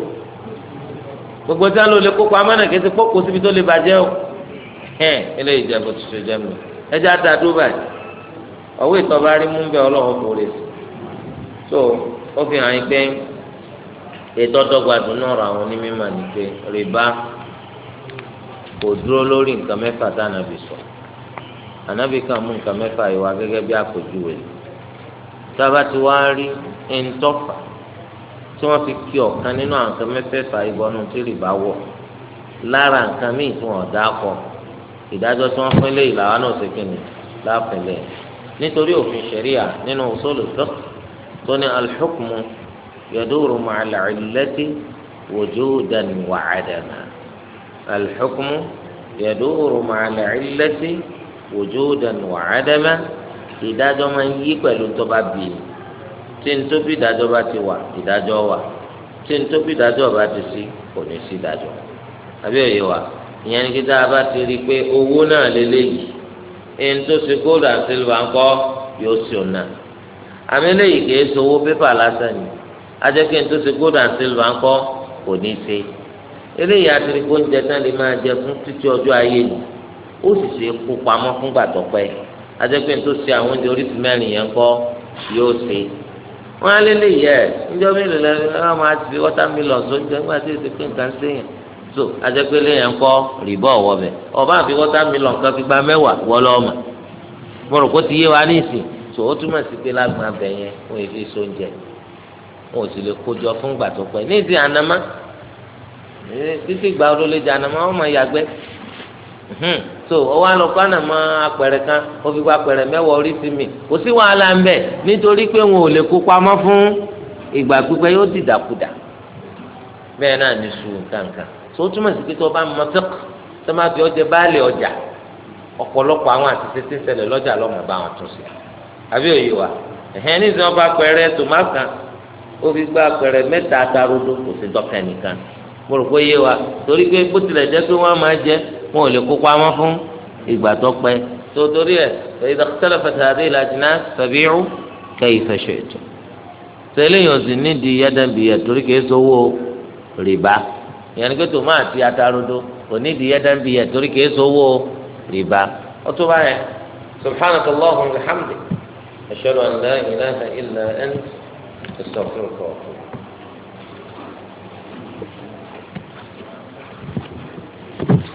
gbogbo tí wọn lò lè kó pamọ́ náà kéde kó kó síbi tó lè bàjẹ́ o hẹ́n ilé ìjẹ́bù ti ṣe jẹ́ mi ẹjẹ́ àti àdúrà ọ̀wé ìtọ́ba rí mú bẹ́ẹ̀ ọlọ́run kò lè so ó fi hàn yín pé ètò ọ̀dọ́gba dùnú ọ̀rọ̀ àwọn onímọ̀ ni pé rìbá kò dúró lórí nǹkan mẹ́fà tá ànábì sọ ànábì kan mú nǹkan mẹ́fà yìí wá gẹ́gẹ́ bí àpèjúwe ni tába ti wá rí ntọ́fà tí wọ́n fi kí ọ̀kan nínú àwọn nǹkan mẹ́fẹ̀ẹ̀fà ìbọnú tí rìbá wọ̀ lára nǹkan míì tí wọ́n dá kọ ìdájọ́ tí wọ́n pín lé ìlàwọ́ náà ṣe kìnnì láàpẹ̀lẹ̀ nítorí òfin ṣẹ̀ríà nínú usulu fiqh tó ní al-hukmu yaduru ma'al illati wujudan wa 'adama al-hukmu yaduru ma'al illati wujudan wa 'adama ìdájọ́ máa ń yí pẹ̀lú tó bá bì í tí n tó bí ìdájọ́ bá ti wà ìdájọ́ wà tí n tó bí ìdájọ́ bá ti sí kò ní sí ìdájọ́ àbí òye wa ìyẹn ní kíkọ́ a bá ti rí i pé owó náà lélẹ́yìí ẹni tó ṣe gold and silver ńkọ́ yóò ṣe òun náà àmì eléyìí kì í sowó pépà lásán ni ajẹ́kẹ́ ẹni tó ṣe gold and silver ńkọ́ kò ní ṣe eléyìí àti rí i pé oúnjẹ tán lè máa jẹ fún títí ọjọ́ ayé ni ó sì ṣe kó pamọ́ fúngbà tó pẹ́ yìí adẹ́gbẹ́ tó ṣe àwọn oúnjẹ oríṣi mẹ́rin yẹn kọ́ yóò ṣe wọ́n á lé léyìí ẹ̀ ǹjọ́ mélòó lẹ́nu ẹ̀ wọ́n máa ti watermelon sóúnjẹ nígbà tí èsì pé nǹkan ṣe yẹn so adẹ́gbẹ́ léyìn ẹ̀ kọ́ rìbọ̀ ọ̀wọ́ bẹ̀ ọba àfi watermelon kan fi gba mẹ́wàá wọ́ lọ́ọ̀mà mo rò kó ti yé wa ní ìsìn so ó túmọ̀ sí pé lágbọ̀n abẹ yẹn wọ́n èfi sóúnjẹ wọn ò sì lè kójọ fún ìgbà tó pẹ́ ní ìsìn ànàmá títí ìgbà olólè jẹ ànàmá wọ́n yàgbẹ́ so ọwọ́ àlọ́kọ́ mọ apẹ̀rẹ̀ kan ó fi gba apẹ̀rẹ̀ mẹ́wàá orí sí mi kò sí wàhálà ń bẹ̀ nítorí pé wọn ò lè kó pamọ́ fún ìgbà pípẹ́ yóò dìdàkudà bẹ́ẹ̀ náà ní sùn kankan so túmọ̀ sí pé tó bá mọ fẹ́k fi ọjẹ báàlì ọjà ọ̀pọ̀lọpọ̀ àwọn àtẹ̀tẹ̀ tí ń lọ́jà lọ́mọ bá wọn tún sí àbí wa ẹ̀hẹ́n ní sọ́n bá pẹ̀rẹ̀ tòmátì ó fi gba pẹ̀rẹ̀ mẹ́ta nìkan mo rò pé wa torí wọn ò lè kó pamọ́ fún ìgbà tó pẹ́ tó torí ẹ̀ idha ikhtalafat hadhihi al-ajnas fabi'u kayfa shi'tum tẹ́lẹ̀ yóò sì nídìí yadan bi yad torí kìí sowó rìbá ìyẹn ni pé tòmáàtì atarodo kò nídìí yadan bi yad torí kìí sowó rìbá ó tó báyẹn subhanaka allahumma wa bihamdik ashhadu an la ilaha illa anta astaghfiruka